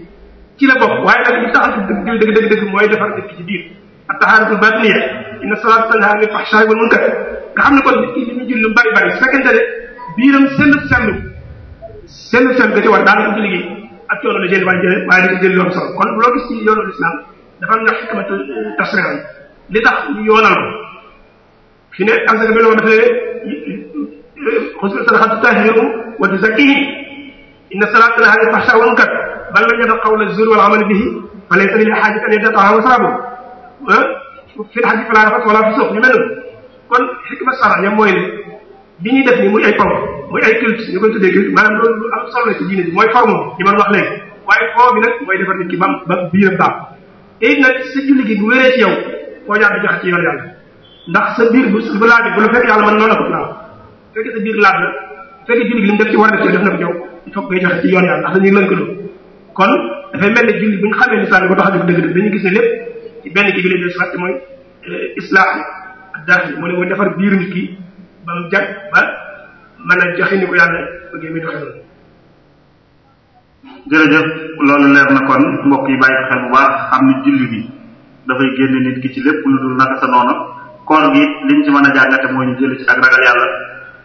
ci la bopp waaye nag li tax a jóg dëgg dëgg dëgg mooy defar nit ki ci biir ak taxaaratul batiniya inna salaat tanha anil xam ne kon nit ki li ñu julli lu bari bari su fekkente ne biiram war daanaka julli gi ak coono la jël waaye jël waaye dafa jël yoon solo kon loo gis ci yoonu l'islam dafa am ñax xikmatu tasrihan li tax ñu yoonal fi ne am saka mel noonu dafay xus salaxatu tahirhum wa tuzakkihim inna salata nahaa anil fahshaa'i wal munkar bal man yada'u qawla zuuri wal amala bihi falaysa lil haajati an yada'ahu wa saabu fil hajji falaa rafas wala fusuuq yu mel noonu kon xikma sara ya mooy ne bi ñuy def ni muy ay pom muy ay culte ñu koy tuddee culte maanaam loolu lu am solo ci diine bi mooy forme ñi man wax léegi waaye foo bi nag mooy defar nit ki bam ba biiram baax te it nag sa julli gi bu wéree ci yow ci yoon yàlla ndax sa biir bu bu laaj la ko sa biir laaj def na ko jow yoon yàlla ndax lëkkaloo kon dafay mel ne julli bi nga xamee lislaam bi gis lépp benn ci biir euh, defar biir nit ki ba mu jag a joxe ni ko yàlla bëggee loolu na kon mbokk yi bàyyi xel bu baax xam ni julli bi dafay génne nit ki ci lépp lu dul naka sa noonu koor gi mën a jàngate mooy ñu jël ci ak ragal yàlla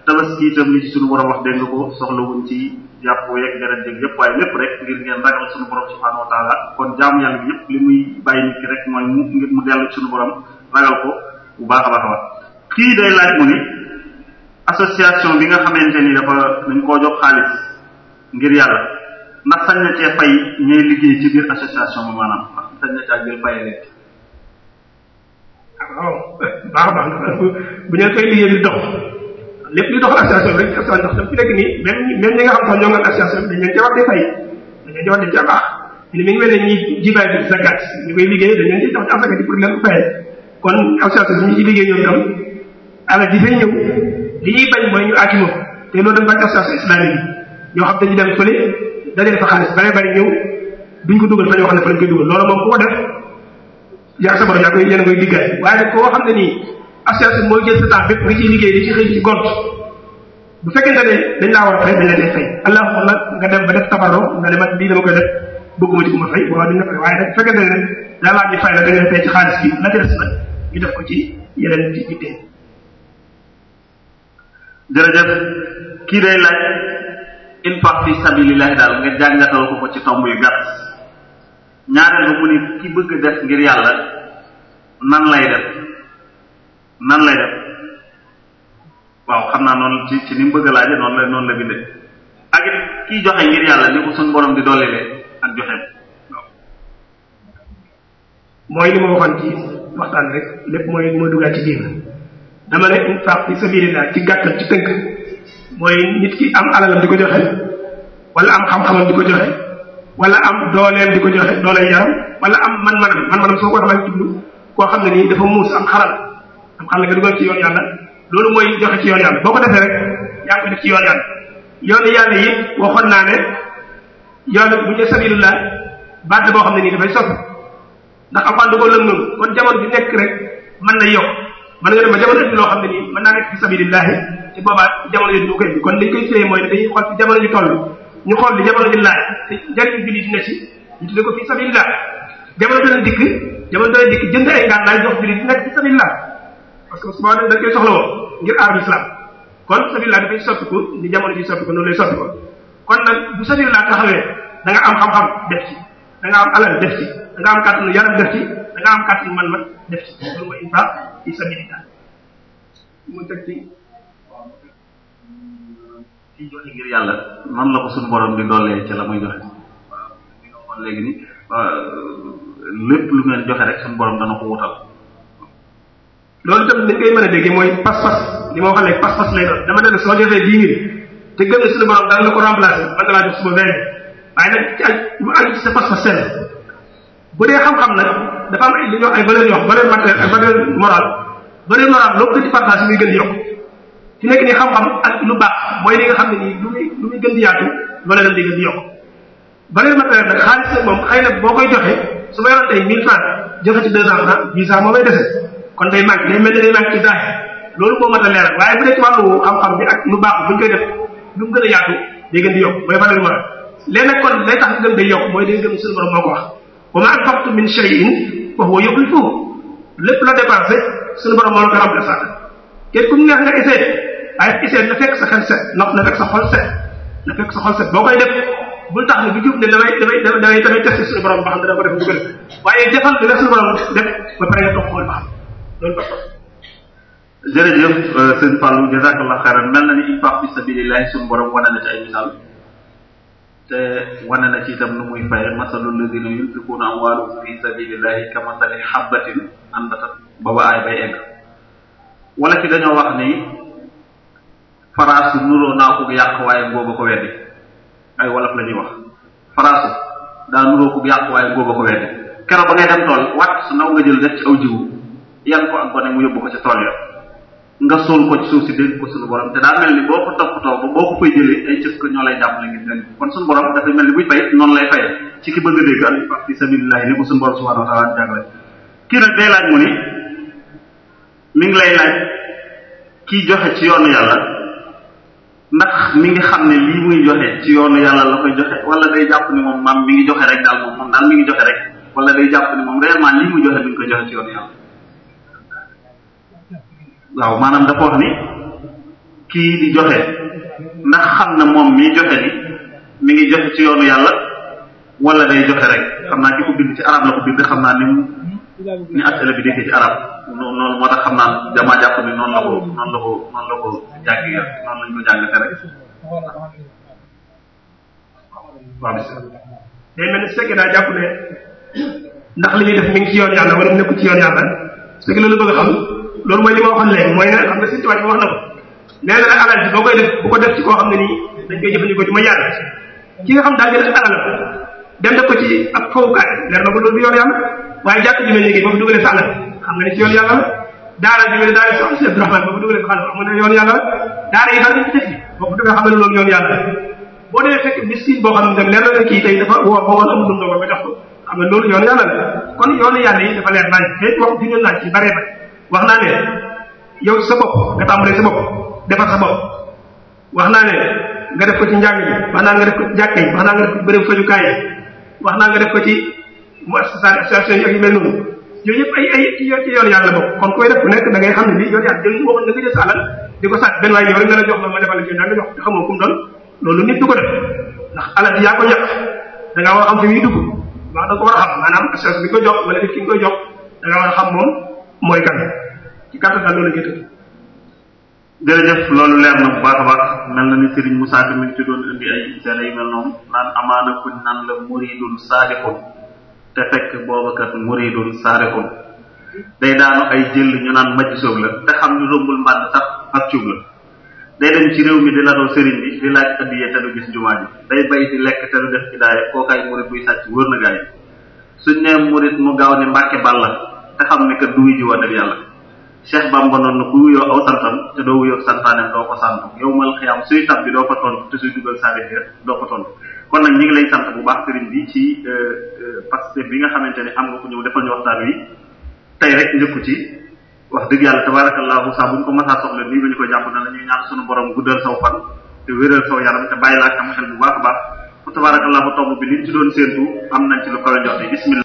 tabaski itam li ci ko soxlawuñ ci jàpp yeeg deret jëg lépp rek ngir ngeen ragal suñu borom subhanahu wa kon jaamu yàlla bi yépp li muy bàyyi nit ki rek mooy mu ngir mu dellu ci suñu borom ragal ko bu baax a baax a baax kii day laaj mu ni association bi nga xamante ni dafa dañ koo jox xaalis ngir yàlla ndax sañ na cee fay ñay liggéey ci biir association bi maanaam ndax sañ na caa jël fayee leen Ah, waaw baax a baax bu ñu koy liggéey di dox lépp di doxal association bi rek association ndax tam bi dañ leen ci war di fay dañ leen ci war di ñu mi ngi mel liggéey dañ leen ci jox ci asaka ci pour leen fayal kon bi ñu ci liggéey ñoom tam ala di fay ñëw li ñuy bañ mooy ñu aatimo dañ bañ association islamique yi ñoo xam dañu dem fële dañu def xaalis ko dugal fa ñoo xam ne fa lañ koy dugal loolu moom ku def yaa sabar yaa koy yéen a koy diggaay waaye nag koo xam ne nii association mooy jël sa temps bépp nga liggéey di ci xëy ci gont bu fekkente ne dañ laa war a fay dañ la lay fay allahuma nga dem ba def tabaroo nga ne man lii dama koy def bëgguma di ko ma fay ne daa laa ñu fay la ci xaalis bi la ca des nag ñu def ko ci yeneen ci ittee jërëjëf kii day laaj infaq fi sabilillahi daal nga jàngatal ko ko ci tomb yu gàtt ñaareel mu ni ki bëgg def ngir yàlla nan lay def nan lay def waaw xam naa noonu ci ci ni mu bëgg a laaje noonu noonu la bindee ak it kiy ngir yàlla ni ko suñ borom di doolelee ak joxeem mooy li ma waxoon ci waxtaan rek lépp mooy moo duggaat ci biir dama ne infaq fi sabilillah ci gàttal ci tënk mooy nit ki am alalam di ko joxe wala am xam-xamam di ko joxe. wala am dooleem di ko joxe dooleem yaram wala am man-manam man-manam soo ko waxee ba koo xam ne nii dafa muus am xaral am xaral nga dugal ci yoon yàlla loolu mooy joxe ci yoon yàlla boo ko defee rek yaa ngi ko ci yoon yàlla yoonu yàlla yi waxoon naa ne yoonu bu ñu sabilillah baat la boo xam ne nii dafay soppi ndax alxuraan du ko lëngëm kon jamono bi nekk rek mën na yokk mën na dem ba jamono indi loo xam ne nii mën naa nekk fi sabilillahi te boobaa kon liñ koy séyee mooy ne dañuy jamono ñu toll ñu xool li jamono ji laaj te bi di ne ci ñu tuddee ko fi sabilillah jamono dana dikk jamono dana dikk jënd ay ngànnaay jox jullit nekk fi sabilillah parce que suba dañ koy soxla woo ngir aar islam kon sabilillah dafay soppiku ni jamono ji soppiku noonu lay soppi ko kon nag bu sabilillah taxawee da nga am xam-xam def ci da am alal def ci da nga am kàttanu yaram def ci da nga am kàttanu man-man def ci loolu mooy infaq fi sabilillah mu teg ci ci joxe ngir yàlla noonu la ko suñu borom di dollee ci la muy joxe waaw léegi ni lépp lu ngeen joxe rek suñu borom dana ko wutal. loolu tamit dañ koy mën a mooy pas-pas li ma wax léegi pas-pas lay dama dem soo joxee dix mille te gëm ne suñu borom daan la ko remplacer man damaa jox suma vingt waaye nag ci ay mu àgg sa pas-pas seen bu dee xam-xam nag dafa am ay li ñuy wax ay valeurs yoo xam valeur matérielle ak valeur morale valeur morale loo ko ci partage muy gën fi nekk ni xam-xam lu baax mooy li nga xam ne lu muy gën di yaatu loolu la di gën di yokk balee matériel nag xaalis nag moom xëy na boo koy joxe su ma yoroon tey mille francs joxe ci deux cent francs huit cent kon day manque day mel ne day manque ci zaaxi loolu moo mat a leeral waaye bu dee ci wàllu xam-xam bi ak lu baax buñ koy def lu mu gën a yaatu day gën di yokk mooy valeur moral léegi nag kon lay tax gëm day yokk mooy day gëm suñu borom moo ko wax wa ma anfaqtum min shay'in fa huwa yukhlifuhu lépp la dépensé suñu borom moo la ko képp ku mu neex nga essayé waaye essayé na fekk sa xel set na na fekk sa xol set na fekk sa xol set boo koy def bul tax ne bu jub ne damay damay damay damay testé suñu borom ba xam dana ko def dugal waaye defal bi la suñu borom def ba pare nga toog xool ba xam loolu ba xam jërëjëf euh, sëñ Fallou jazakallah xayran mel na ni infaq fi sabilillahi suñu borom wane na ci ay misaal te wane na ci itam nu muy faye masalu ladina yunfiquna amwaalahum fi sabilillahi ka masali habbatin anbatat ba ba ay bay egg wala ci dañoo wax ni faraasu nuróo naa ko yàq waaye ngóoba ko weddi ay wolof la ñuy wax faraasu daa nuróo ko yàq waaye ngóoba ko weddi keroog ba ngay dem tool wàcc su naw nga jël def ci aw jiwu yan ko ak gone mu yóbbu ko ci tool ya nga suul ko ci suuf si dégg ko suñu borom te daa mel ni boo ko toppatoo ba boo ko fay jëlee ay cës ko ñoo lay jàppale ngir dégg kon suñu borom dafa mel ni buy fay noonu lay fay ci ki bëgg a dégg al fi mi ngi lay laaj kiy joxe ci yoonu yàlla ndax mi ngi xam ne lii muy joxe ci yoonu yàlla la koy joxe wala day jàpp ni moom maam mi ngi joxe rek daal mi ngi joxe rek wala day jàpp ni moom réellement lii muy joxe mi ngi koy joxe ci yoonu yàlla waaw xam na moom mi mi ngi joxe ci yoonu yàlla day joxe rek xam naa ki ko bind ci arab la ko bind xam naa ni ni asala bi defee ci arab noonu moo tax xam naa damaa jàpp ni noonu la noonu la ko noonu la ko noonu lañ ko jàngate rek ne ndax li ñuy def ci yoon yàlla wala mu nekku ci yoon yàlla su a mooy li ma waxoon xam nga bi wax na ko nee na nag alal ko def ci ci ma yàlla ki nga xam ko ci ab leer na ko loolu du yoon yàlla. waaye jàkk ji ma léegi ba mu dugalee sàll xam nga ne ci yoon yàlla la daara ji ma ne daara soxna si Abdourahmane bi boo ko xam ne yoon yàlla boo demee fekk miskiin boo xam ne dem leer na kii tey dafa woo ko woon amul dundoo ba jox ko xam nga loolu yoon yàlla la kon yoonu wax di ñu naaj ci bare nag wax naa ne wax naa ne nga def ko ci njàng bi wax naa nga def ko ci jàkka yi wax naa nga def ko ci béréb fajukaay yi wax naa nga def ko ci mu association association yi ak yu mel noonu yooyu yëpp ay ay ci yoon yàlla bokk kon koy def nekk dangay xam ne bii yoon yàlla jël waxoon na nga jël sa alal di ko sànni benn waay yow rek nga la ko def ndax da a xam fi muy dugg wax da nga a xam maanaam association bi nga koy jox wala war a xam moom mooy kan ci kàttan daal loolu ngay tëdd jërëjëf loolu leer na bu baax a baax mel na ni Serigne mu tamit ci doon indi ay jare yu noonu naan amaana kuñ naan la muridul saadixul te fekk booba kat muridun saarikun day daanu ay jël ñu naan majj soob la te xam ñu rombul mbànd sax ak la day dem ci réew mi di laroo sëriñ bi di laaj addiye te du gis buy sàcc wër na gaay suñ nee murid mu gaaw ne mbàkke balla te xam ne kat du wuy ji woo def yàlla Cheikh Bamba noonu ku wuyoo aw santam te doo wuyoo santaaneem doo ko sant yow mal xiyam suy tab bi doo ko tontu te suy dugal saari doo ko tontu kon nag ñu ngi lay sant bu baax sëriñ bi ci euh, euh, parce bi nga xamante ne am nga ko ñëw defal ñu waxtaan wi tey rek njëkku ci wax dëgg yàlla tabarakallahu saa bu ñu ko masaa soxla nii la ñu ko jàpp dana ñuy ñaan suñu borom guddal saw fan te wéral saw yaram te bàyyi laa am xel bu baax a baax tabarakallahu tomb bi liñ ci doon séentu am nañ ci lu kawe bismillah